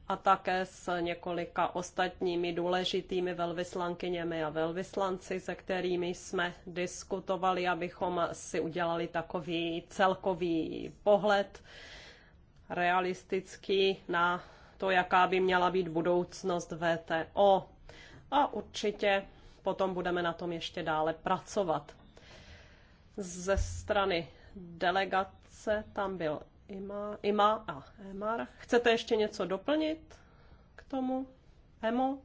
a také s několika ostatními důležitými velvyslankyněmi a velvyslanci, se kterými jsme diskutovali, abychom si udělali takový celkový pohled realistický na to, jaká by měla být budoucnost VTO. A určitě potom budeme na tom ještě dále pracovat. Ze strany delegace tam byl Ima, Ima a Emar. Chcete ještě něco doplnit k tomu? Emo?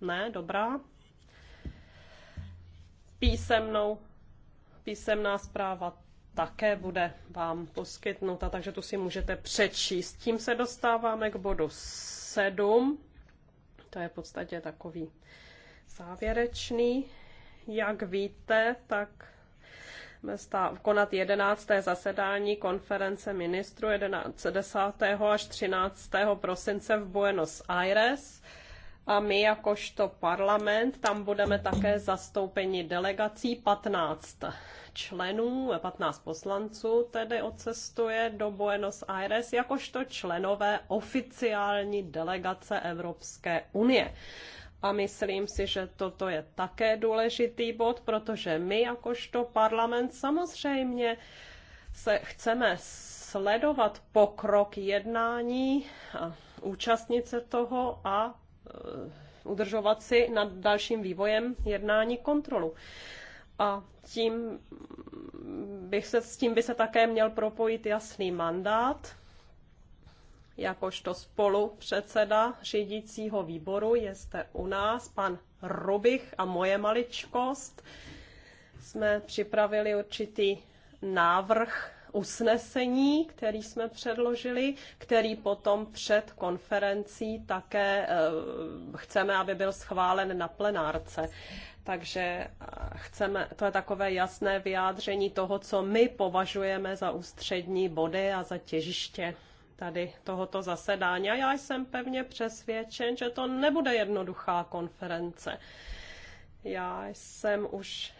Ne, dobrá. Písemnou, písemná zpráva také bude vám poskytnuta, takže tu si můžete přečíst. Tím se dostáváme k bodu 7. To je v podstatě takový závěrečný. Jak víte, tak konat 11. zasedání konference ministru 11, 10. až 13. prosince v Buenos Aires a my jakožto parlament tam budeme také zastoupeni delegací 15 členů, 15 poslanců tedy odcestuje do Buenos Aires jakožto členové oficiální delegace Evropské unie. A myslím si, že toto je také důležitý bod, protože my jakožto parlament samozřejmě se chceme sledovat pokrok jednání a účastnit se toho a e, udržovat si nad dalším vývojem jednání kontrolu. A tím bych se, s tím by se také měl propojit jasný mandát jakožto spolupředseda řídícího výboru. Je zde u nás pan Rubich a moje maličkost. Jsme připravili určitý návrh usnesení, který jsme předložili, který potom před konferencí také eh, chceme, aby byl schválen na plenárce. Takže eh, chceme, to je takové jasné vyjádření toho, co my považujeme za ústřední body a za těžiště tady tohoto zasedání. A já jsem pevně přesvědčen, že to nebude jednoduchá konference. Já jsem už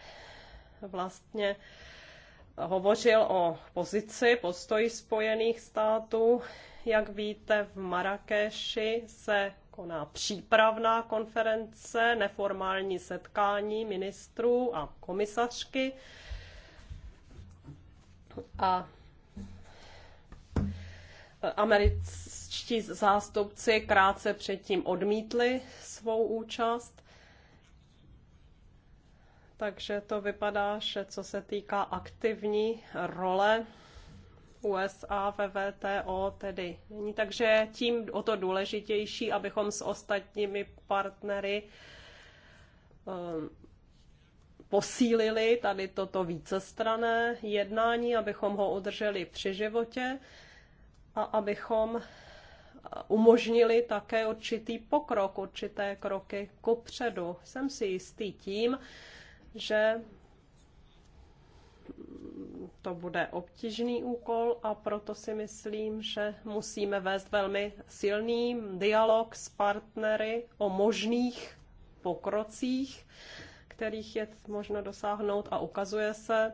vlastně hovořil o pozici, postoji Spojených států. Jak víte, v Marrakeši se koná přípravná konference, neformální setkání ministrů a komisařky. A američtí zástupci krátce předtím odmítli svou účast. Takže to vypadá, že co se týká aktivní role USA ve VTO tedy není. Takže tím o to důležitější, abychom s ostatními partnery ehm, posílili tady toto vícestrané jednání, abychom ho udrželi při životě a abychom umožnili také určitý pokrok, určité kroky kupředu. Jsem si jistý tím, že to bude obtížný úkol a proto si myslím, že musíme vést velmi silný dialog s partnery o možných pokrocích, kterých je možno dosáhnout a ukazuje se,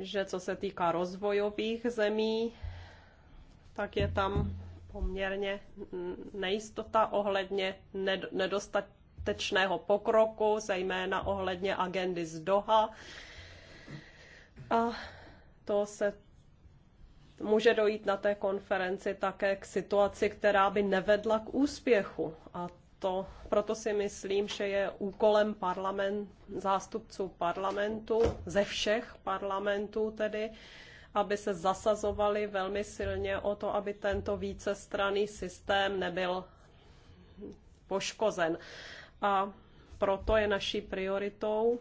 že co se týká rozvojových zemí, tak je tam poměrně nejistota ohledně nedostatečného pokroku, zejména ohledně agendy z Doha. A to se může dojít na té konferenci také k situaci, která by nevedla k úspěchu. A to, proto si myslím, že je úkolem parlament, zástupců parlamentu, ze všech parlamentů tedy, aby se zasazovali velmi silně o to, aby tento vícestranný systém nebyl poškozen. A proto je naší prioritou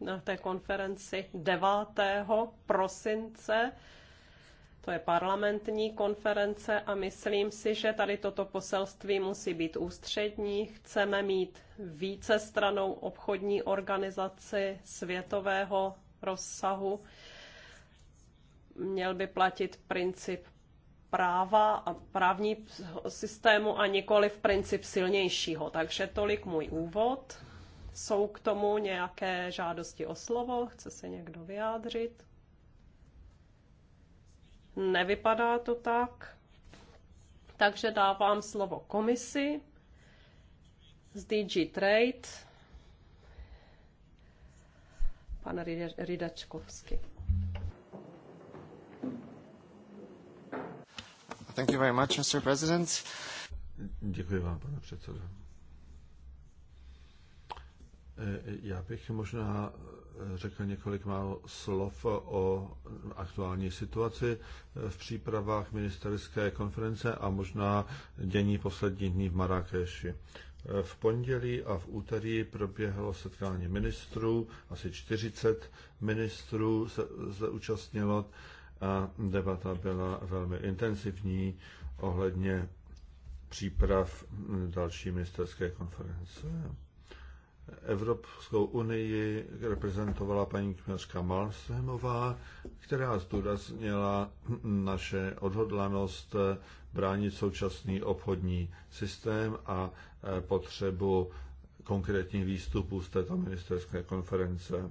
na té konferenci 9. prosince to je parlamentní konference a myslím si, že tady toto poselství musí být ústřední. Chceme mít více stranou obchodní organizaci světového rozsahu. Měl by platit princip práva a právní systému a nikoli v princip silnějšího. Takže tolik můj úvod. Jsou k tomu nějaké žádosti o slovo? Chce se někdo vyjádřit? Nevypadá to tak. Takže dávám slovo komisi z DG Trade, pan Rydačkovský. Thank you very much, Mr. President. Děkuji vám, pane předsedo. Já bych možná eh, řekl několik málo slov o aktuální situaci eh, v přípravách ministerské konference a možná dění posledních dní v Marrakeši. Eh, v pondělí a v úterý proběhlo setkání ministrů, asi 40 ministrů se zúčastnilo a debata byla velmi intenzivní ohledně příprav další ministerské konference. Evropskou unii reprezentovala paní kněžka Malmströmová, která zdůraznila naše odhodlanost bránit současný obchodní systém a e, potřebu konkrétních výstupů z této ministerské konference. E,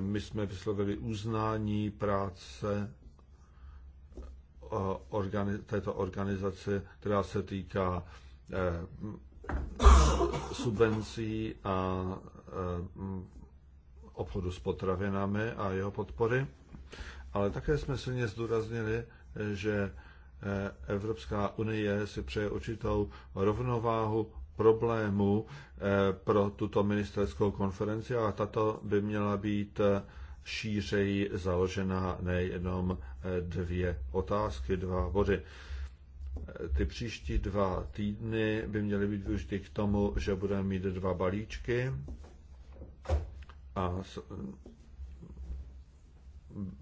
my jsme vyslovili uznání práce e, této organizace, která se týká subvencí a eh, obchodu s potravinami a jeho podpory, ale také jsme silně zdůraznili, že eh, Evropská unie si přeje určitou rovnováhu problémů eh, pro tuto ministerskou konferenci a tato by měla být šířeji založena nejenom dvě otázky, dva body. Ty příští dva týdny by měly být využity k tomu, že budeme mít dva balíčky a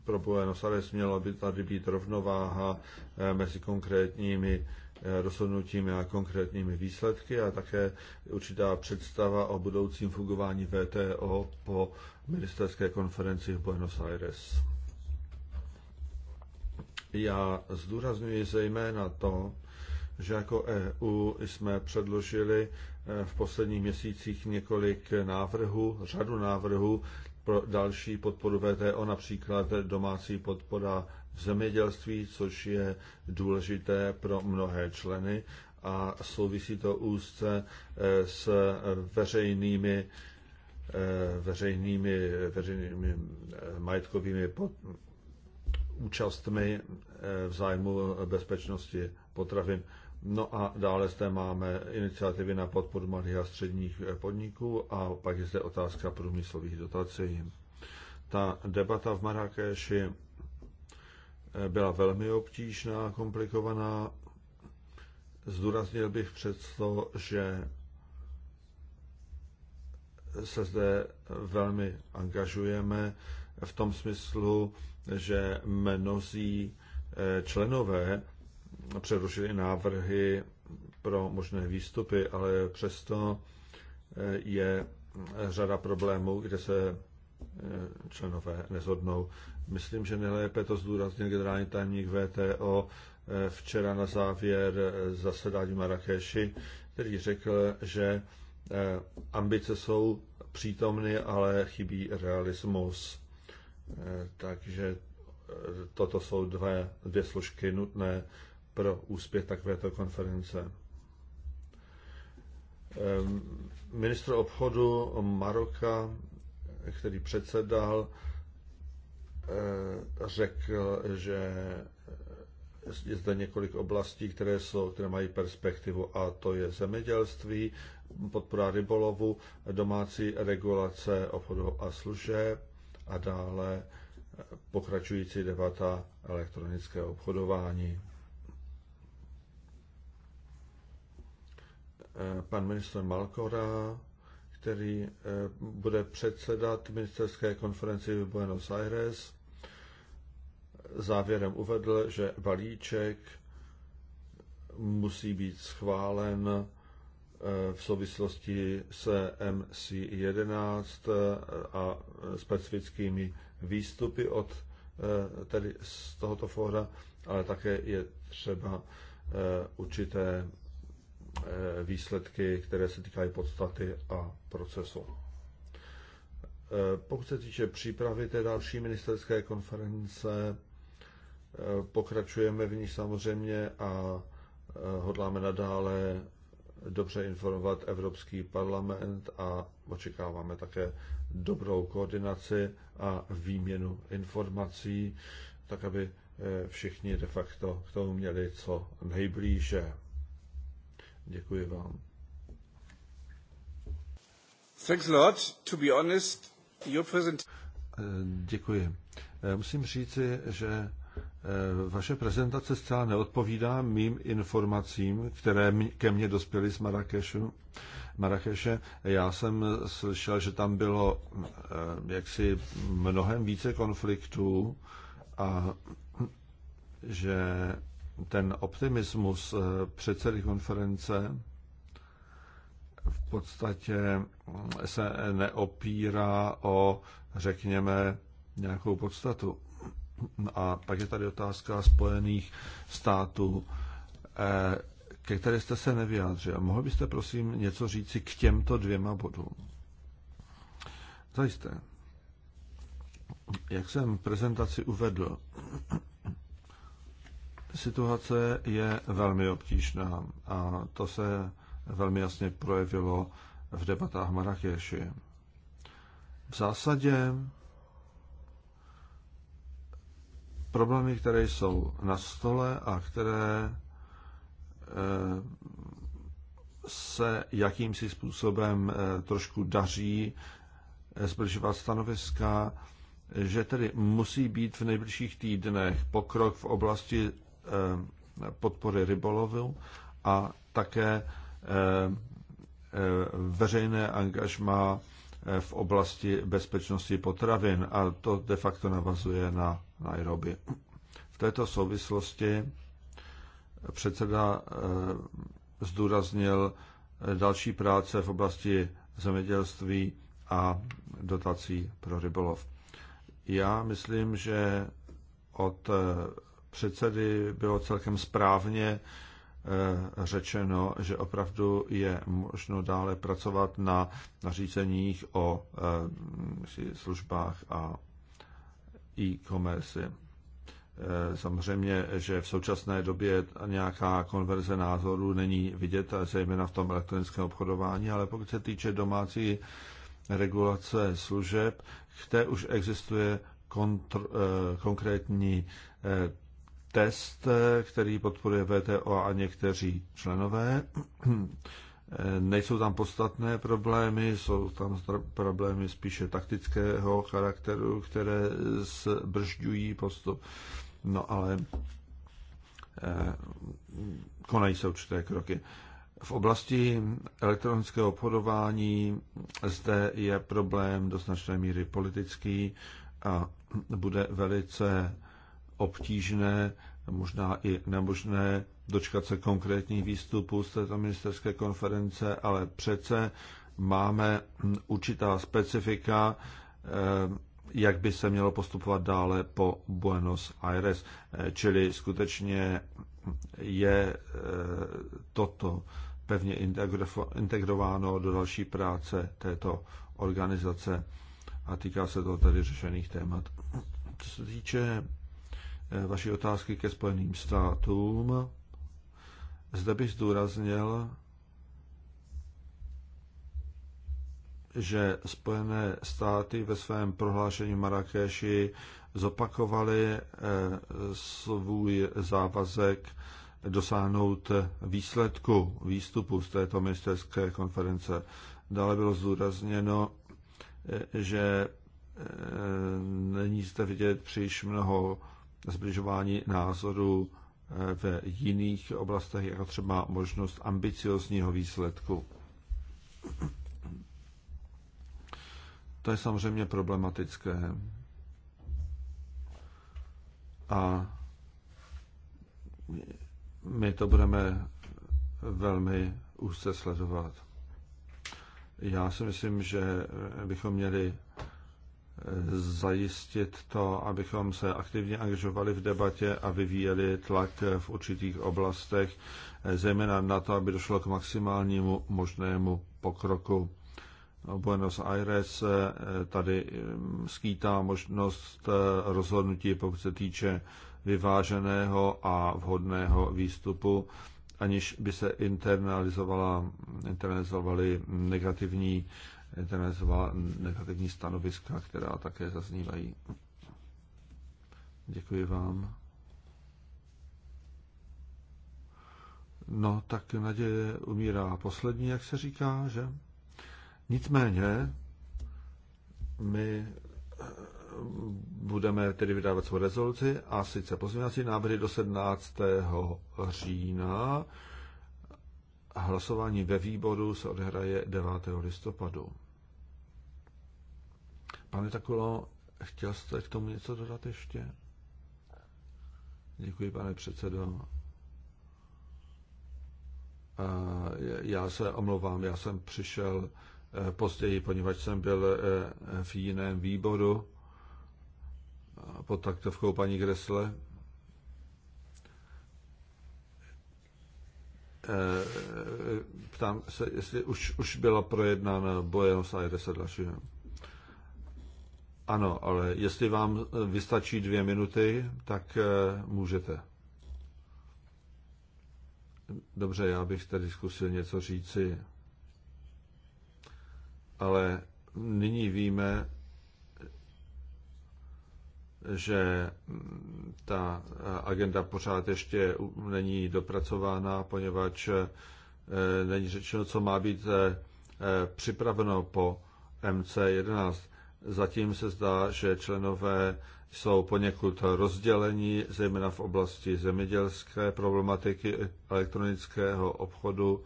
pro Buenos Aires měla by tady být rovnováha eh, mezi konkrétními eh, rozhodnutími a konkrétními výsledky a také určitá představa o budoucím fungování VTO po ministerské konferenci v Buenos Aires. Já zdůraznuji zejména to, že jako EU jsme předložili eh, v posledních měsících několik návrhů, řadu návrhů pro další podporu VTO, například domácí podpora v zemědělství, což je důležité pro mnohé členy a souvisí to úzce eh, s veřejnými eh, veřejnými, veřejnými majetkovými účastmi eh, v zájmu bezpečnosti potravin. No a dále zde máme iniciativy na podporu malých a středních eh, podniků a pak je zde otázka průmyslových dotací. Ta debata v Marrakeši eh, byla velmi obtížná, komplikovaná. Zdůraznil bych přesto, že se zde velmi angažujeme v tom smyslu, že mnozí eh, členové předložili návrhy pro možné výstupy, ale přesto eh, je řada problémů, kde se eh, členové nezhodnou. Myslím, že nejlépe to zdůraznil generální tajemník VTO včera na závěr zasedání Marrakeši, který řekl, že ambice jsou přítomny, ale chybí realismus. Eh, takže eh, toto jsou dvě, dvě složky nutné pro úspěch takovéto konference. Ehm, ministr obchodu Maroka, který předsedal, eh, řekl, že je zde několik oblastí, které, jsou, které mají perspektivu a to je zemědělství, podpora rybolovu, domácí regulace obchodu a služeb, a dále pokračující debata elektronického obchodování. Pan minister Malkora, který eh, bude předsedat ministerské konferenci v Buenos Aires, závěrem uvedl, že balíček musí být schválen Eh, v souvislosti s MC11 eh, a specifickými výstupy od eh, tedy z tohoto fóra, ale také je třeba určité výsledky, které se týkají podstaty a procesu. Pokud se týče přípravy té další ministerské konference, pokračujeme v ní samozřejmě a hodláme nadále dobře informovat Evropský parlament a očekáváme také dobrou koordinaci a výměnu informací, tak aby eh, všichni de facto k tomu měli co nejblíže. Děkuji vám. Thanks a lot. To be honest, your present... Eh, děkuji. Eh, musím říci, že Eh, vaše prezentace zcela neodpovídá mým informacím, které ke mně dospěly z Marrakešu. Marrakeše. Já jsem slyšel, že tam bylo eh, jaksi mnohem více konfliktů a že ten optimismus eh, předsedy konference v podstatě se neopírá o, řekněme, nějakou podstatu. A pak je tady otázka Spojených států, eh, ke které jste se nevyjádřil. Mohl byste prosím něco říci k těmto dvěma bodům? Zajisté. Jak jsem v prezentaci uvedl, situace je velmi obtížná a to se velmi jasně projevilo v debatách Marrakeši. V zásadě problémy, které jsou na stole a které eh, se jakýmsi způsobem eh, trošku daří eh, zbližovat stanoviska, že tedy musí být v nejbližších týdnech pokrok v oblasti podpory rybolovu a také veřejné angažma v oblasti bezpečnosti potravin a to de facto navazuje na Nairobi. V této souvislosti předseda eh, zdůraznil eh, další práce v oblasti zemědělství a dotací pro rybolov. Já myslím, že od eh, předsedy bylo celkem správně Eh, řečeno, že opravdu je možno dále pracovat na nařízeních o eh, službách a e-commerce. Eh, samozřejmě, že v současné době nějaká konverze názorů není vidět, zejména v tom elektronickém obchodování, ale pokud se týče domácí regulace služeb, kde už existuje kontr, konkrétní test, který podporuje VTO a někteří členové. Nejsou tam podstatné problémy, jsou tam problémy spíše taktického charakteru, které zbržďují postup. No ale eh, konají se určité kroky. V oblasti elektronického obchodování zde je problém do značné míry politický a bude velice obtížné, možná i nemožné dočkat se konkrétních výstupů z této ministerské konference, ale přece máme určitá specifika, eh, jak by se mělo postupovat dále po Buenos Aires. Eh, čili skutečně je eh, toto pevně integrováno do další práce této organizace a týká se to tedy řešených témat. Co se týče Eh, vaší otázky ke Spojeným státům. Zde bych zdůraznil, že Spojené státy ve svém prohlášení v Marrakeši zopakovali eh, svůj závazek dosáhnout výsledku, výstupu z této ministerské konference. Dále bylo zdůrazněno, eh, že není zde vidět příliš mnoho zbližování názorů eh, v jiných oblastech, jako třeba možnost ambiciozního výsledku. To je samozřejmě problematické. A my to budeme velmi úzce sledovat. Já si myslím, že bychom měli zajistit to, abychom se aktivně angažovali v debatě a vyvíjeli tlak v určitých oblastech, zejména na to, aby došlo k maximálnímu možnému pokroku. No, Buenos Aires eh, tady mm, skýtá možnost eh, rozhodnutí, pokud se týče vyváženého a vhodného výstupu, aniž by se internalizovala, internalizovaly negativní internetová negativní stanoviska, která také zaznívají. Děkuji vám. No, tak naděje umírá poslední, jak se říká, že? Nicméně, my eh, budeme tedy vydávat svou rezoluci a sice pozměňovací návrhy do 17. října. Hlasování ve výboru se odhraje 9. listopadu. Pane Takulo, chtěl jste k tomu něco dodat ještě? Děkuji, pane předsedo. Já se omlouvám, já jsem přišel eh, později, poněvadž jsem byl eh, v jiném výboru pod taktovkou paní Gresle. Eh, ptám se, jestli už, už byla projednána Buenos Aires se dalšího. Ano, ale jestli vám eh, vystačí dvě minuty, tak eh, můžete. Dobře, já bych tady zkusil něco říci. Ale nyní víme, že mm, ta eh, agenda pořád ještě není dopracována, poněvadž není řečeno, co má být připraveno po MC11. Zatím se zdá, že členové jsou poněkud rozdělení, zejména v oblasti zemědělské problematiky, elektronického obchodu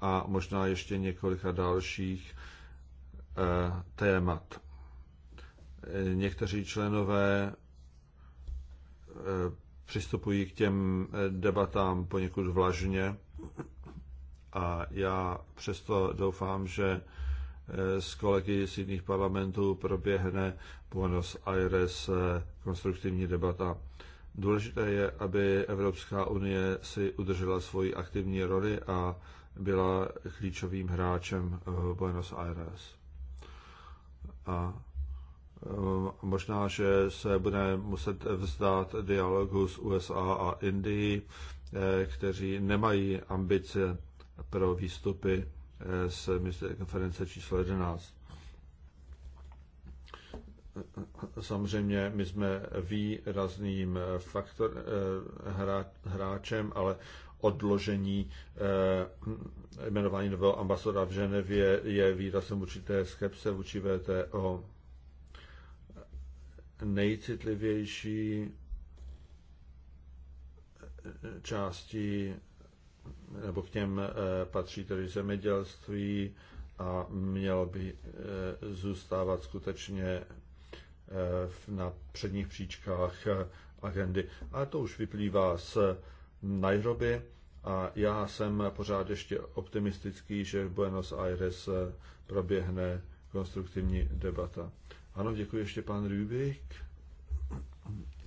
a možná ještě několika dalších eh, témat. Eh, někteří členové eh, přistupují k těm debatám poněkud vlažně a já přesto doufám, že Eh, s kolegy z jiných parlamentů proběhne Buenos Aires eh, konstruktivní debata. Důležité je, aby Evropská unie si udržela svoji aktivní roli a byla klíčovým hráčem eh, Buenos Aires. A možná, že se bude muset vzdát dialogu s USA a Indií, kteří nemají ambice pro výstupy z ministerské konference číslo 11. Samozřejmě my jsme výrazným faktor, eh, hráčem, ale odložení eh, jmenování nového ambasadora v Ženevě je výrazem určité skepse vůči VTO. Nejcitlivější části nebo k těm eh, patří tedy zemědělství a mělo by eh, zůstávat skutečně eh, na předních příčkách agendy. A to už vyplývá z Nairobi a já jsem pořád ještě optimistický, že v Buenos Aires proběhne konstruktivní debata. Ano, děkuji ještě pan Rubik.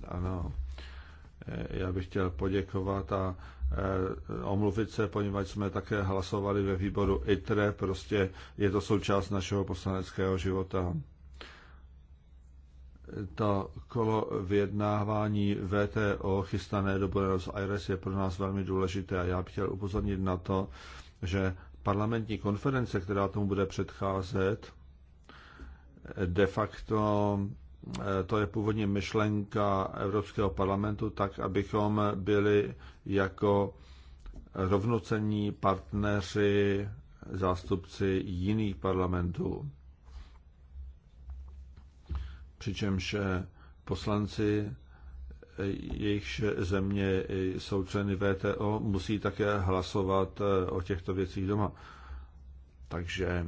Ano, já bych chtěl poděkovat a Eh, omluvit se, poněvadž jsme také hlasovali ve výboru ITRE, prostě je to součást našeho poslaneckého života. To kolo vyjednávání VTO chystané do Buenos Aires je pro nás velmi důležité a já bych chtěl upozornit na to, že parlamentní konference, která tomu bude předcházet, de facto Eh, to je původně myšlenka Evropského parlamentu, tak abychom byli jako rovnocení partneři zástupci jiných parlamentů. Přičemž eh, poslanci eh, jejich země jsou členy VTO, musí také hlasovat o těchto věcích doma. Takže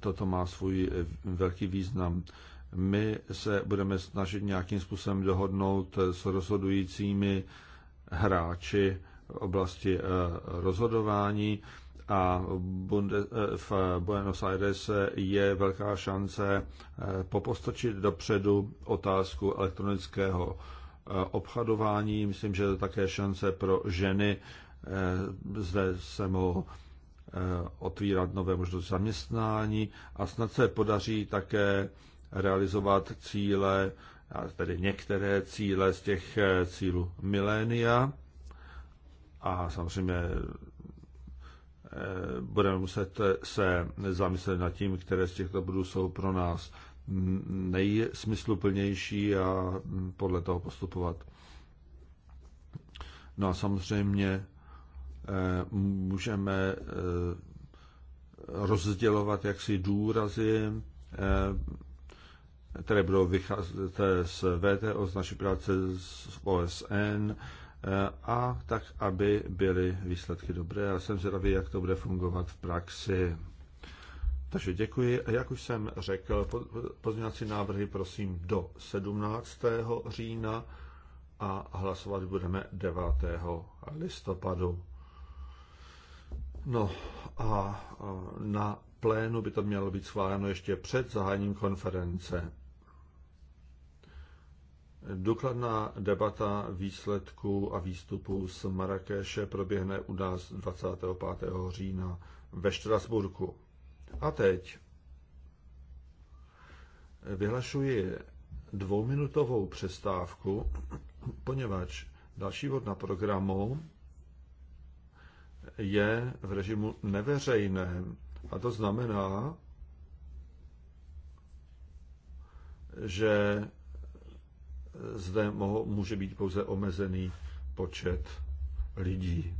toto má svůj eh, velký význam. My se budeme snažit nějakým způsobem dohodnout eh, s rozhodujícími hráči v oblasti eh, rozhodování a v Buenos Aires je velká šance popostočit dopředu otázku elektronického obchodování. Myslím, že to také šance pro ženy zde se mohou Eh, otvírat nové možnosti zaměstnání a snad se podaří také realizovat cíle, tedy některé cíle z těch eh, cílů milénia. A samozřejmě eh, budeme muset se zamyslet nad tím, které z těchto bodů jsou pro nás nejsmysluplnější a podle toho postupovat. No a samozřejmě Eh, můžeme eh, rozdělovat jaksi důrazy, eh, které budou vycházet z VTO, z naší práce z OSN a tak, aby byly výsledky dobré. Já jsem zvědavý, jak to bude fungovat v praxi. Takže děkuji. Jak už jsem řekl, pozměňovací návrhy prosím do 17. října a hlasovat budeme 9. listopadu. No a na plénu by to mělo být schváleno ještě před zahájením konference. Důkladná debata výsledků a výstupů z Marrakeše proběhne u nás 25. října ve Štrasburku. A teď vyhlašuji dvouminutovou přestávku, poněvadž další bod na programu je v režimu neveřejném. A to znamená, že zde může být pouze omezený počet lidí.